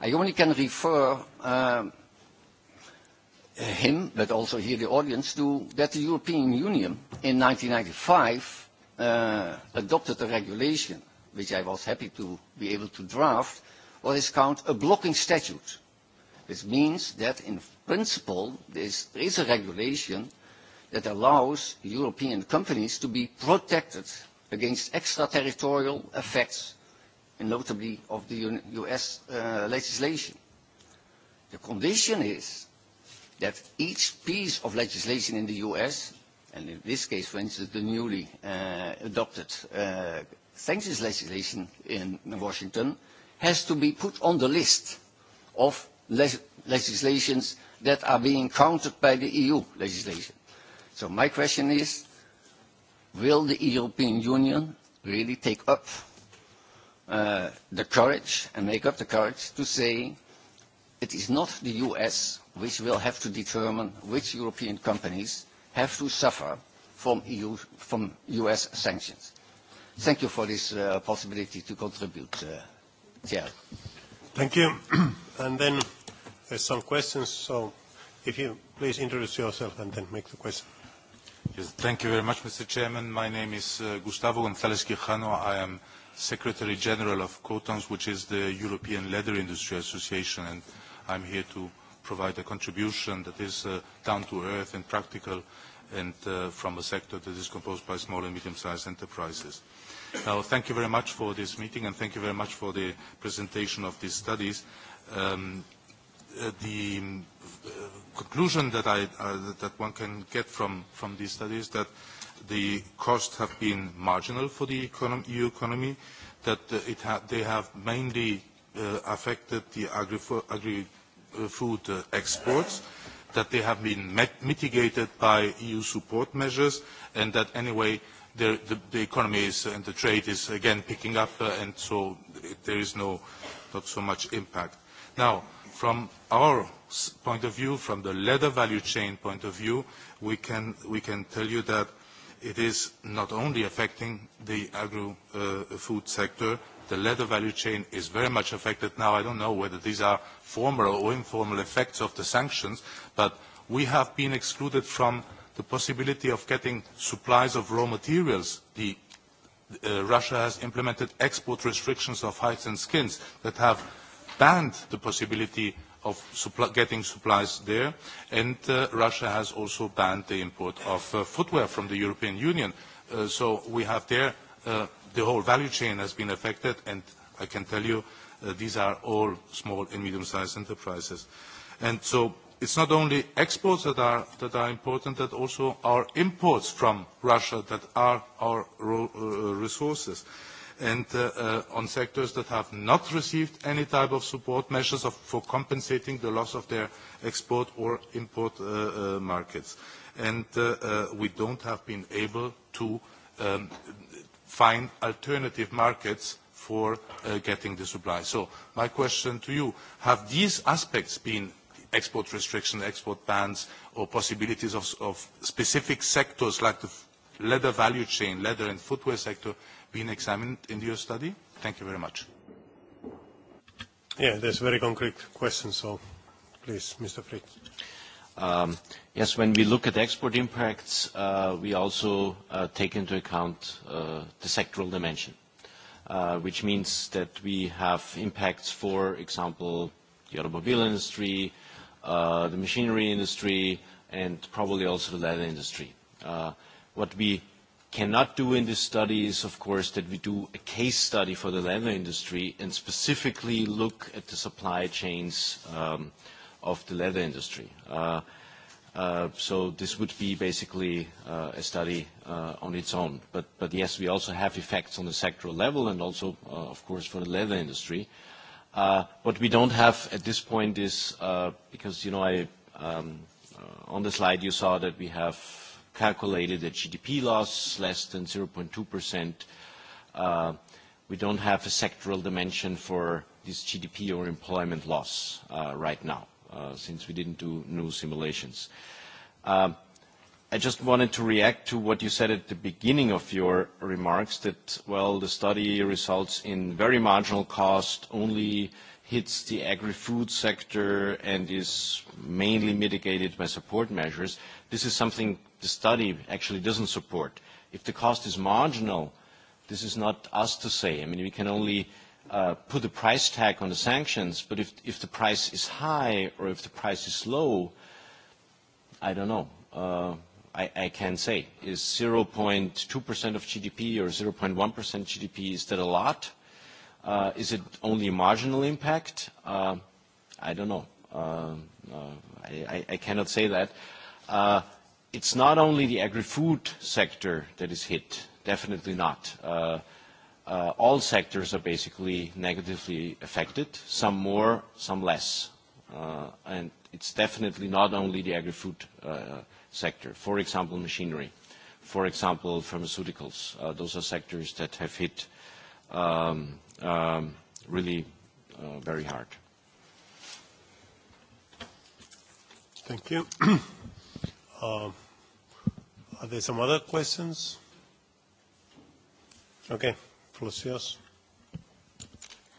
I only can refer him, but also here the audience, to that the European Union in 1995 uh, adopted a regulation, which I was happy to be able to draft, what is called a blocking statute. This means that in principle there is a regulation that allows European companies to be protected against extraterritorial effects and notably of the US uh, legislation. The condition is that each piece of legislation in the US, and in this case, for instance, the newly uh, adopted uh, sanctions legislation in Washington, has to be put on the list of le- legislations that are being countered by the EU legislation. So my question is, will the European Union really take up the courage and make up the courage to say it is not the US which will have to determine which European companies have to suffer from, EU, from US sanctions. Thank you for this uh, possibility to contribute, uh, Chair. Thank you. and then there's some questions, so if you please introduce yourself and then make the question. Yes, thank you very much, Mr. Chairman. My name is uh, Gustavo González Quijano. I am Secretary General of Cotons, which is the European Leather Industry Association, and I'm here to provide a contribution that is uh, down to earth and practical and uh, from a sector that is composed by small and medium-sized enterprises. Now, thank you very much for this meeting and thank you very much for the presentation of these studies. Um, the conclusion that, I, uh, that one can get from, from these studies is that the costs have been marginal for the EU economy, that it ha they have mainly uh, affected the agri-food uh, exports, that they have been met mitigated by EU support measures, and that anyway the, the, the economy is, and the trade is again picking up, uh, and so there is no, not so much impact. Now, from our point of view, from the leather value chain point of view, we can, we can tell you that it is not only affecting the agro food sector, the leather value chain is very much affected now. I don't know whether these are formal or informal effects of the sanctions, but we have been excluded from the possibility of getting supplies of raw materials. The, uh, Russia has implemented export restrictions of hides and skins that have banned the possibility of supply, getting supplies there. And uh, Russia has also banned the import of uh, footwear from the European Union. Uh, so we have there, uh, the whole value chain has been affected, and I can tell you uh, these are all small and medium-sized enterprises. And so it's not only exports that are, that are important, but also our imports from Russia that are our resources. Uh, and on sectors that have not received any type of support measures for compensating the loss of their export or import markets. And we don't have been able to find alternative markets for getting the supply. So my question to you, have these aspects been export restrictions, export bans, or possibilities of specific sectors like the leather value chain, leather and footwear sector, been examined in your study? Thank you very much. Yeah, there's a very concrete question, so please, Mr. Fritz. Um, yes, when we look at export impacts, uh, we also uh, take into account uh, the sectoral dimension, uh, which means that we have impacts, for example, the automobile industry, uh, the machinery industry, and probably also the leather industry. Uh, what we cannot do in this study is, of course, that we do a case study for the leather industry and specifically look at the supply chains of the leather industry. so this would be basically a study on its own. But, but yes, we also have effects on the sectoral level and also, of course, for the leather industry. what we don't have at this point is, because, you know, I, um, on the slide you saw that we have calculated at GDP loss, less than 0.2%. We don't have a sectoral dimension for this GDP or employment loss right now, since we didn't do new simulations. I just wanted to react to what you said at the beginning of your remarks that, well, the study results in very marginal cost, only hits the agri-food sector, and is mainly mitigated by support measures. This is something the study actually doesn't support. If the cost is marginal, this is not us to say. I mean, we can only uh, put a price tag on the sanctions, but if, if the price is high or if the price is low, I don't know. Uh, I, I can't say. Is 0.2% of GDP or 0.1% GDP, is that a lot? Uh, is it only a marginal impact? Uh, I don't know. Uh, uh, I, I, I cannot say that. Uh, it's not only the agri-food sector that is hit, definitely not. Uh, uh, all sectors are basically negatively affected, some more, some less. Uh, and it's definitely not only the agri-food uh, sector. For example, machinery. For example, pharmaceuticals. Uh, those are sectors that have hit um, um, really uh, very hard. Thank you. Are there some other questions? Okay. Floor is yours.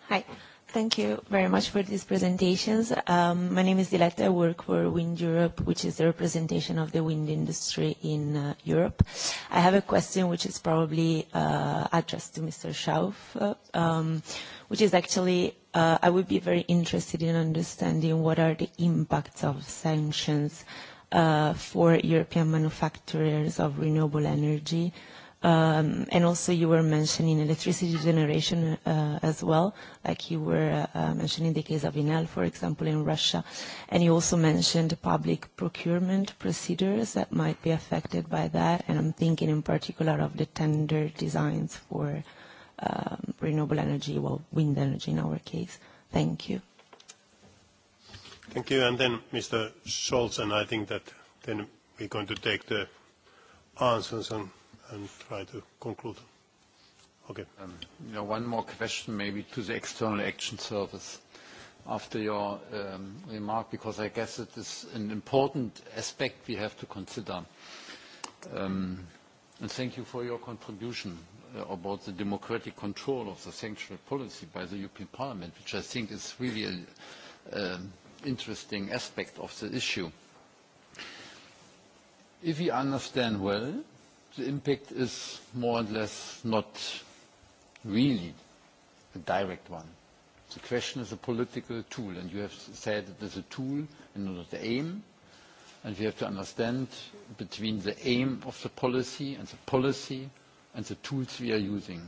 Hi. Thank you very much for these presentations. Um, my name is Diletta. I work for Wind Europe, which is the representation of the wind industry in uh, Europe. I have a question which is probably uh, addressed to Mr. Schauf, um, which is actually uh, I would be very interested in understanding what are the impacts of sanctions uh, for European manufacturers of renewable energy. Um, and also you were mentioning electricity generation uh, as well, like you were uh, mentioning the case of Enel, for example, in Russia. And you also mentioned public procurement procedures that might be affected by that. And I'm thinking in particular of the tender designs for renewable energy, well, wind energy in our case. Thank you. Thank you. And then Mr. Scholz, and I think that then we're going to take the answers and try to conclude. Okay. You know, One more question maybe to the External Action Service after your remark, because I guess it is an important aspect we have to consider. Thank you for your contribution about the democratic control of the sanctuary policy by the European Parliament, which I think is really a interesting aspect of the issue. If we understand well, the impact is more or less not really a direct one. The question is a political tool, and you have said it is a tool and not the aim. And we have to understand between the aim of the policy and the policy and the tools we are using.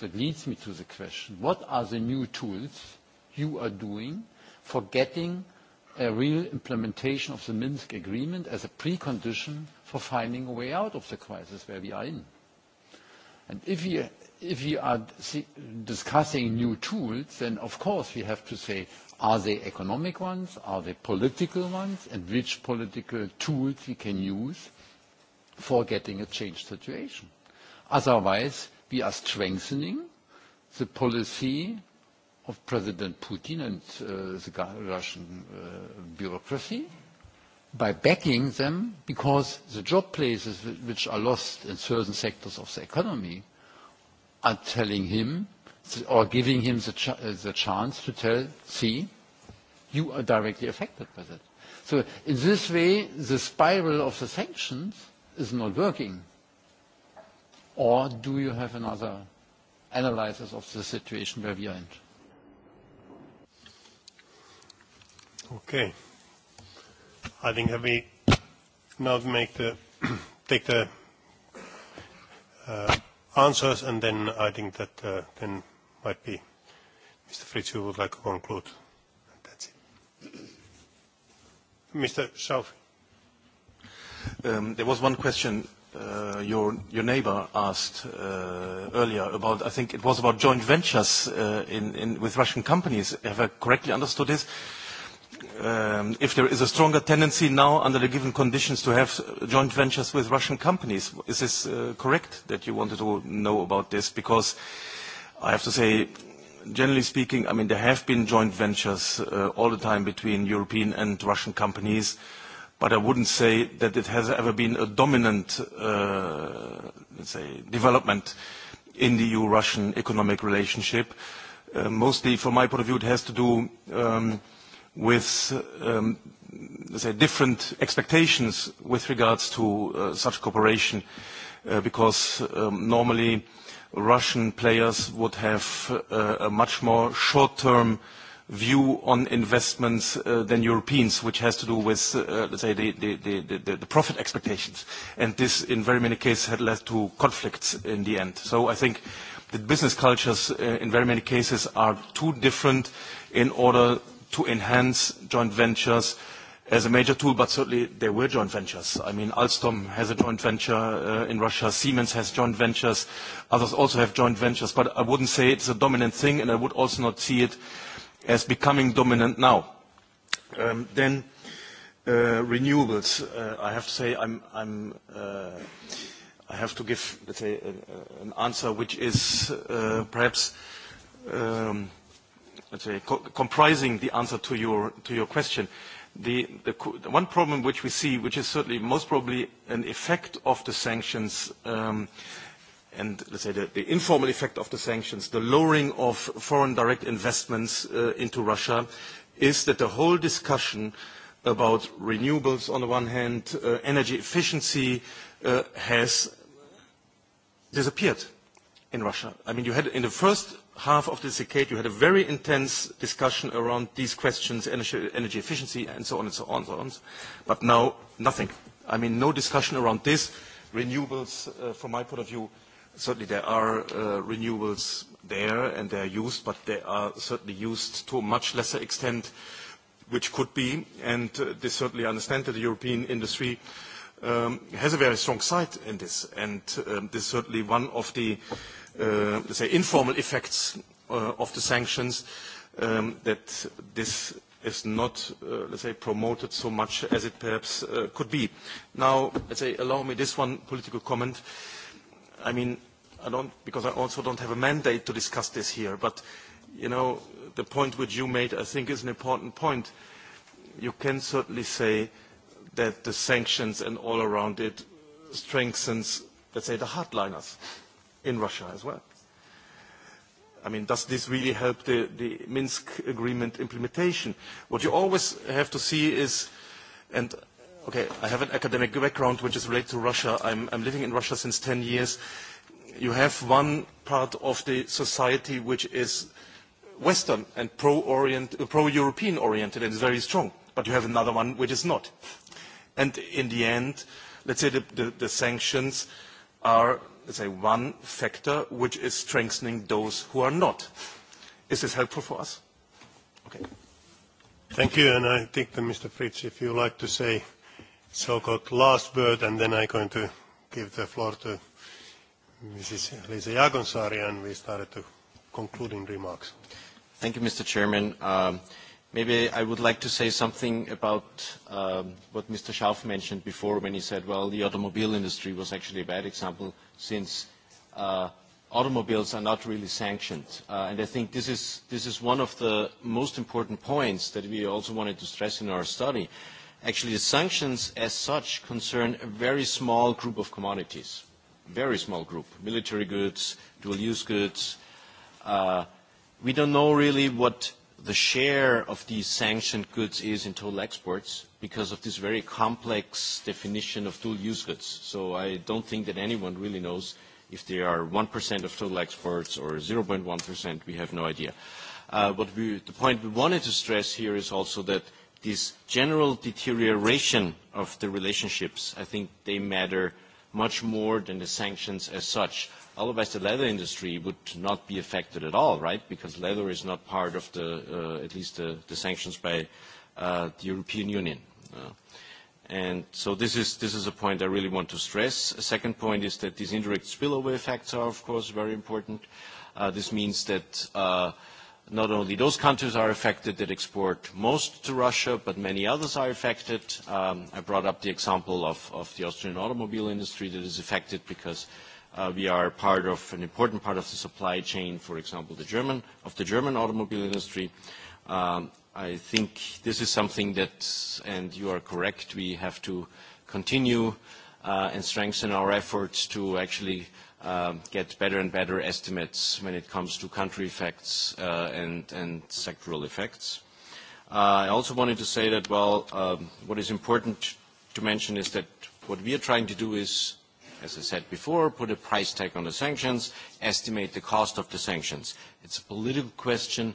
That leads me to the question, what are the new tools you are doing for getting a real implementation of the Minsk agreement as a precondition for finding a way out of the crisis where we are in. And if we, if we are discussing new tools, then of course we have to say, are they economic ones? Are they political ones? And which political tools we can use for getting a changed situation? Otherwise, we are strengthening the policy of President Putin and uh, the Russian uh, bureaucracy by backing them because the job places which are lost in certain sectors of the economy are telling him or giving him the, ch- the chance to tell, see, you are directly affected by that. So in this way, the spiral of the sanctions is not working. Or do you have another analysis of the situation where we are in? Okay. I think have we now make the take the uh, answers, and then I think that uh, then might be Mr. Fritz, who would like to conclude. That's it. Mr. Schaufi. Um, there was one question uh, your your neighbor asked uh, earlier about. I think it was about joint ventures uh, in, in with Russian companies. Have I correctly understood this? Uh, if there is a stronger tendency now under the given conditions to have joint ventures with Russian companies. Is this correct that you wanted to know about this? Because I have to say, generally speaking, I mean, there have been joint ventures all the time between European and Russian companies, but I wouldn't say that it has ever been a dominant, let's say, development in the EU-Russian economic relationship. mostly, from my point of view, it has to do with um, say different expectations with regards to uh, such cooperation, uh, because um, normally Russian players would have uh, a much more short-term view on investments uh, than Europeans, which has to do with, uh, let's say, the, the, the, the, the profit expectations. And this, in very many cases, had led to conflicts in the end. So I think the business cultures, uh, in very many cases, are too different in order to enhance joint ventures as a major tool, but certainly there were joint ventures. I mean, Alstom has a joint venture uh, in Russia, Siemens has joint ventures, others also have joint ventures, but I wouldn't say it's a dominant thing, and I would also not see it as becoming dominant now. Um, then uh, renewables, uh, I have to say I'm, I'm, uh, I have to give, let's say, an, an answer which is uh, perhaps um, let's say, co comprising the answer to your, to your question. The, the one problem which we see, which is certainly most probably an effect of the sanctions, um, and let's say the, the informal effect of the sanctions, the lowering of foreign direct investments uh, into Russia, is that the whole discussion about renewables on the one hand, uh, energy efficiency uh, has disappeared in Russia. I mean, you had in the first half of this decade, you had a very intense discussion around these questions, energy, energy efficiency, and so on and so on and so on. But now, nothing. I mean, no discussion around this. Renewables, uh, from my point of view, certainly there are uh, renewables there and they are used, but they are certainly used to a much lesser extent, which could be. And uh, they certainly understand that the European industry um, has a very strong side in this. And um, this is certainly one of the uh, uh, let's say, informal effects uh, of the sanctions, um, that this is not, uh, let's say, promoted so much as it perhaps uh, could be. Now, let's say, allow me this one political comment. I mean, I don't, because I also don't have a mandate to discuss this here, but, you know, the point which you made, I think, is an important point. You can certainly say that the sanctions and all around it strengthens, let's say, the hardliners in Russia as well. I mean, does this really help the, the Minsk agreement implementation? What you always have to see is, and okay, I have an academic background which is related to Russia. I'm, I'm living in Russia since 10 years. You have one part of the society which is Western and pro-European pro oriented and is very strong, but you have another one which is not. And in the end, let's say the, the, the sanctions are let's say, one factor which is strengthening those who are not. Is this helpful for us? Okay. Thank you. and I think that, Mr. Fritz, if you like to say so-called last word, and then I'm going to give the floor to Mrs. Liisa Jaakonsaari, and we started the concluding remarks. Thank you, Mr. Chairman. Maybe I would like to say something about um, what Mr. Schauf mentioned before when he said, well, the automobile industry was actually a bad example since uh, automobiles are not really sanctioned. Uh, and I think this is, this is one of the most important points that we also wanted to stress in our study. Actually, the sanctions as such concern a very small group of commodities, very small group, military goods, dual-use goods. Uh, we don't know really what the share of these sanctioned goods is in total exports because of this very complex definition of dual-use goods. So I don't think that anyone really knows if they are 1% of total exports or 0.1%. We have no idea. What we The point we wanted to stress here is also that this general deterioration of the relationships, I think they matter much more than the sanctions as such. Otherwise, the leather industry would not be affected at all, right? Because leather is not part of the, uh, at least the, the sanctions by uh, the European Union. Uh, and so this is, this is a point I really want to stress. A second point is that these indirect spillover effects are, of course, very important. Uh, this means that uh, not only those countries are affected that export most to Russia, but many others are affected. Um, I brought up the example of, of the Austrian automobile industry that is affected because uh, we are part of an important part of the supply chain, for example, the German, of the German automobile industry. Um, I think this is something that, and you are correct, we have to continue uh, and strengthen our efforts to actually get better and better estimates when it comes to country effects and, and sectoral effects. I also wanted to say that, well, what is important to mention is that what we are trying to do is, as I said before, put a price tag on the sanctions, estimate the cost of the sanctions. It's a political question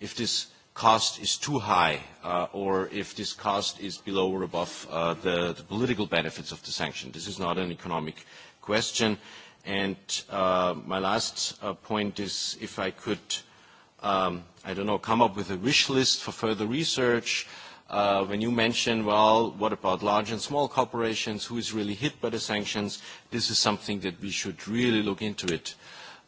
if this cost is too high uh, or if this cost is below or above uh, the, the political benefits of the sanction. This is not an economic question And uh, my last uh, point is if I could, um, I don't know, come up with a wish list for further research. Uh, when you mentioned, well, what about large and small corporations? Who is really hit by the sanctions? This is something that we should really look into it.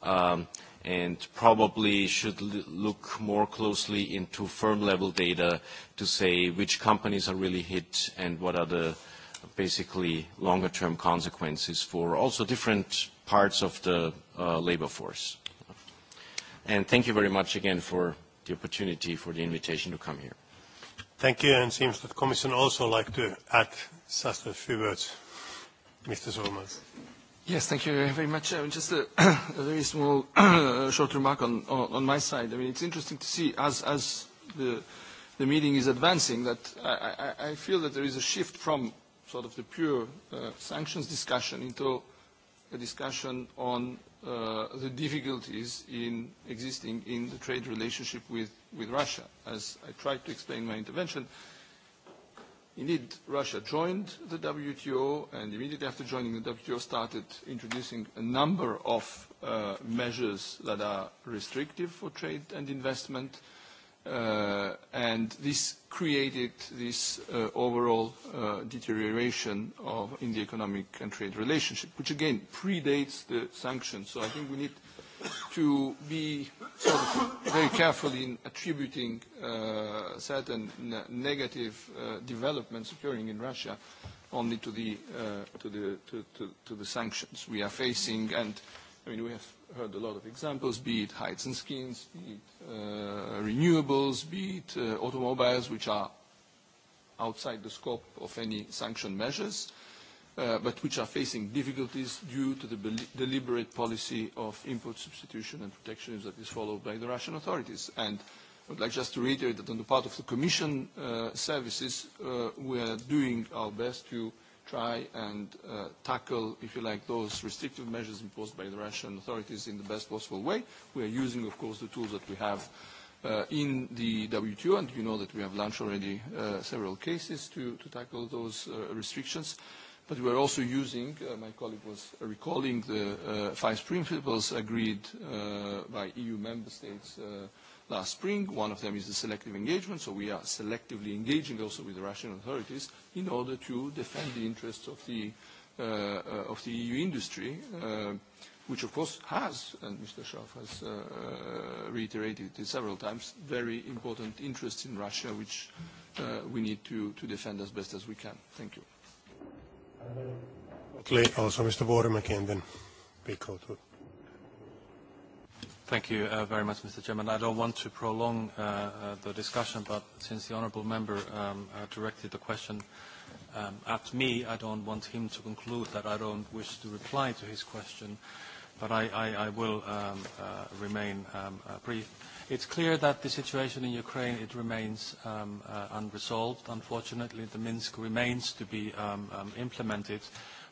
Um, and probably should look more closely into firm-level data to say which companies are really hit and what are the basically longer term consequences for also different parts of the uh, labor force. And thank you very much again for the opportunity, for the invitation to come here. Thank you, and it seems that the Commission also like to add just a few words. Mr. Solomons. Yes, thank you very much. I mean, just a, a very small short remark on, on, on my side. I mean, it's interesting to see as, as the, the meeting is advancing that I, I, I feel that there is a shift from sort of the pure uh, sanctions discussion into a discussion on uh, the difficulties in existing in the trade relationship with, with Russia. As I tried to explain my intervention, indeed, Russia joined the WTO and immediately after joining the WTO started introducing a number of uh, measures that are restrictive for trade and investment uh, uh, and this created this uh, overall uh, deterioration of, in the economic and trade relationship, which again predates the sanctions. So I think we need to be sort of very careful in attributing certain negative uh, developments occurring in Russia only to the, uh, to, the, to, to, to the sanctions we are facing and I mean, we have heard a lot of examples, be it heights and skins, be it uh, renewables, be it uh, automobiles, which are outside the scope of any sanction measures, uh, but which are facing difficulties due to the deliberate policy of import substitution and protectionism that is followed by the Russian authorities. And I would like just to reiterate that on the part of the Commission uh, services, uh, we are doing our best to uh, try and uh, tackle, if you like, those restrictive measures imposed by the Russian authorities in the best possible way. We are using, of course, the tools that we have uh, in the WTO, and you know that we have launched already uh, several cases to, to tackle those uh, restrictions. But we are also using, uh, my colleague was recalling the uh, five principles agreed uh, by EU member states uh, last spring. One of them is the selective engagement, so we are selectively engaging also with the Russian authorities in order to defend the interests of the, uh, of the EU industry, uh, which of course has, and Mr. Schaaf has uh, reiterated it several times, very important interests in Russia, which uh, we need to, to defend as best as we can. Thank you. Also, Mr. Bormakin, then, we called to Thank you uh, very much, Mr. Chairman. I don't want to prolong uh, uh, the discussion, but since the Honourable Member um, uh, directed the question um, at me, I don't want him to conclude that I don't wish to reply to his question, but I, I, I will um, uh, remain um, uh, brief. It's clear that the situation in Ukraine, it remains um, uh, unresolved. Unfortunately, the Minsk remains to be um, um, implemented.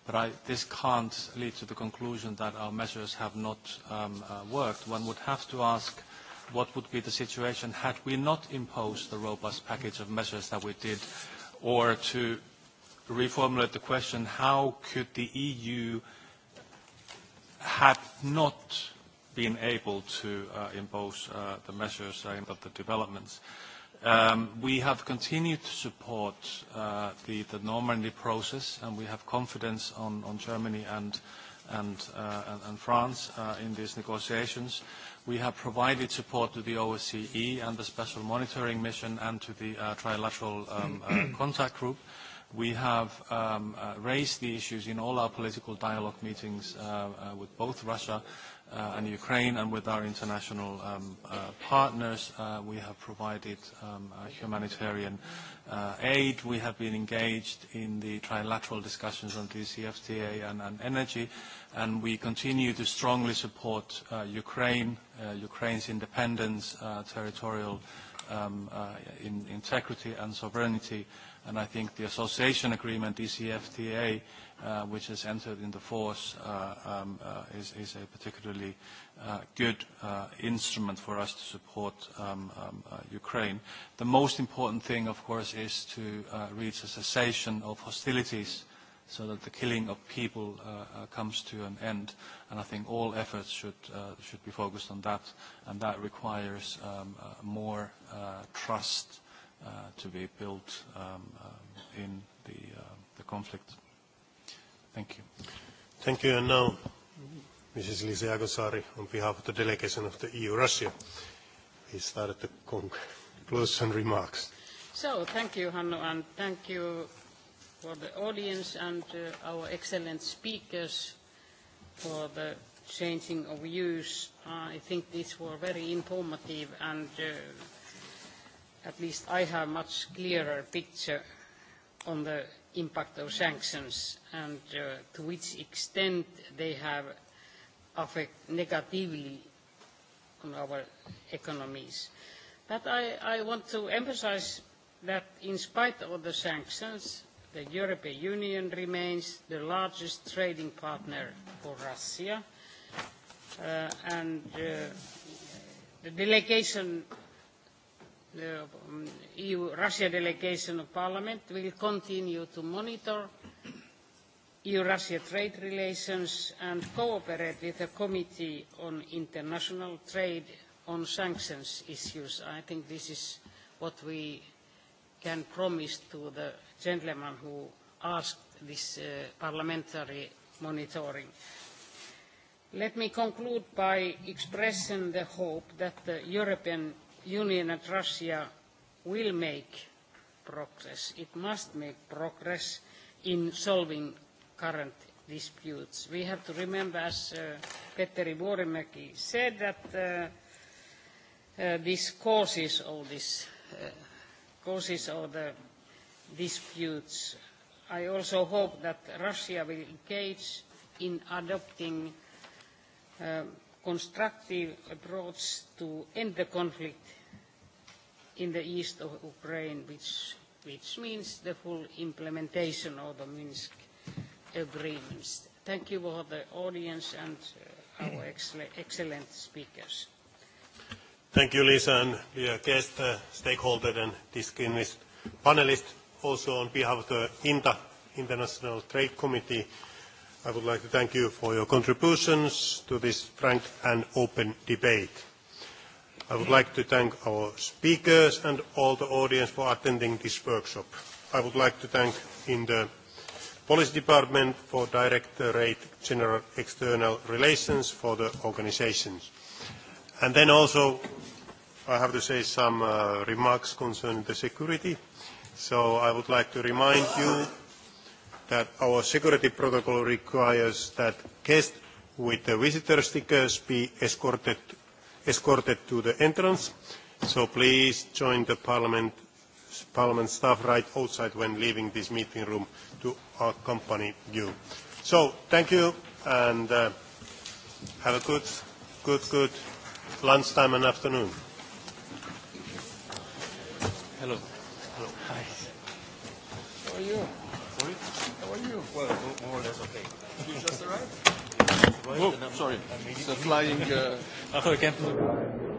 But I, this can't lead to the conclusion that our measures have not um, uh, worked. One would have to ask what would be the situation had we not imposed the robust package of measures that we did, or to reformulate the question, how could the EU have not been able to uh, impose uh, the measures uh, of the developments? Uh, We have continued to support the Normandy process, and we have confidence on Germany and France in these negotiations. We have provided support to the OSCE and the Special Monitoring Mission and to the Trilateral Contact Group. We have raised the issues in all our political dialogue meetings with both Russia uh, and Ukraine, and with our international um, uh, partners, uh, we have provided um, uh, humanitarian uh, aid. We have been engaged in the trilateral discussions on DCFTA and, and energy, and we continue to strongly support uh, Ukraine, uh, Ukraine's independence, uh, territorial um, uh, in integrity and sovereignty, and I think the association agreement, DCFTA, which has entered into force is a particularly good instrument for us to support Ukraine. The most important thing, of course, is to reach a cessation of hostilities so that the killing of people uh, comes to an end. And I think all efforts should, uh, should be focused on that, and that requires um, uh, more uh, trust uh, to be built um, um, in the, uh, the conflict. Thank you. Thank you. And now, Mrs. Lise Agosari, on behalf of the delegation of the EU-Russia, he started the conclusion remarks. So, thank you, Hanno, and thank you for the audience and our excellent speakers for the changing of views. I think these were very informative and at least I have a much clearer picture on the impact of sanctions and to which extent they have affect negatively on our economies. But I want to emphasize that in spite of the sanctions, the European Union remains the largest trading partner for Russia. and The delegation the EU-Russia delegation of Parliament will continue to monitor EU-Russia trade relations and cooperate with the Committee on International Trade on sanctions issues. I think this is what we can promise to the gentleman who asked this parliamentary monitoring. Let me conclude by expressing the hope that the European Union and Russia will make progress. It must make progress in solving current disputes. We have to remember, as Petteri Vuorimäki said, that these causes of this causes of the disputes. I also hope that Russia will engage in adopting constructive approach to end the conflict in the east of Ukraine, which, which means the full implementation of the Minsk agreements. Thank you for the audience and our excellent speakers. Thank you, Lisa, and dear guest, uh, stakeholder and distinguished panelist. Also on behalf of the INTA, International Trade Committee, I would like to thank you for your contributions to this frank and open debate. I would like to thank our speakers and all the audience for attending this workshop. I would like to thank in the Policy Department for Directorate General External Relations for the organizations. And then also, I have to say some uh, remarks concerning the security. So I would like to remind you that our security protocol requires that guests with the visitor stickers be escorted, escorted to the entrance. So please join the parliament, parliament staff right outside when leaving this meeting room to accompany you. So thank you and uh, have a good, good, good lunchtime and afternoon. Hello. Hello. Hi. How are you? Well, more or less okay. You just arrived? Move. Sorry. It's a flying. Uh...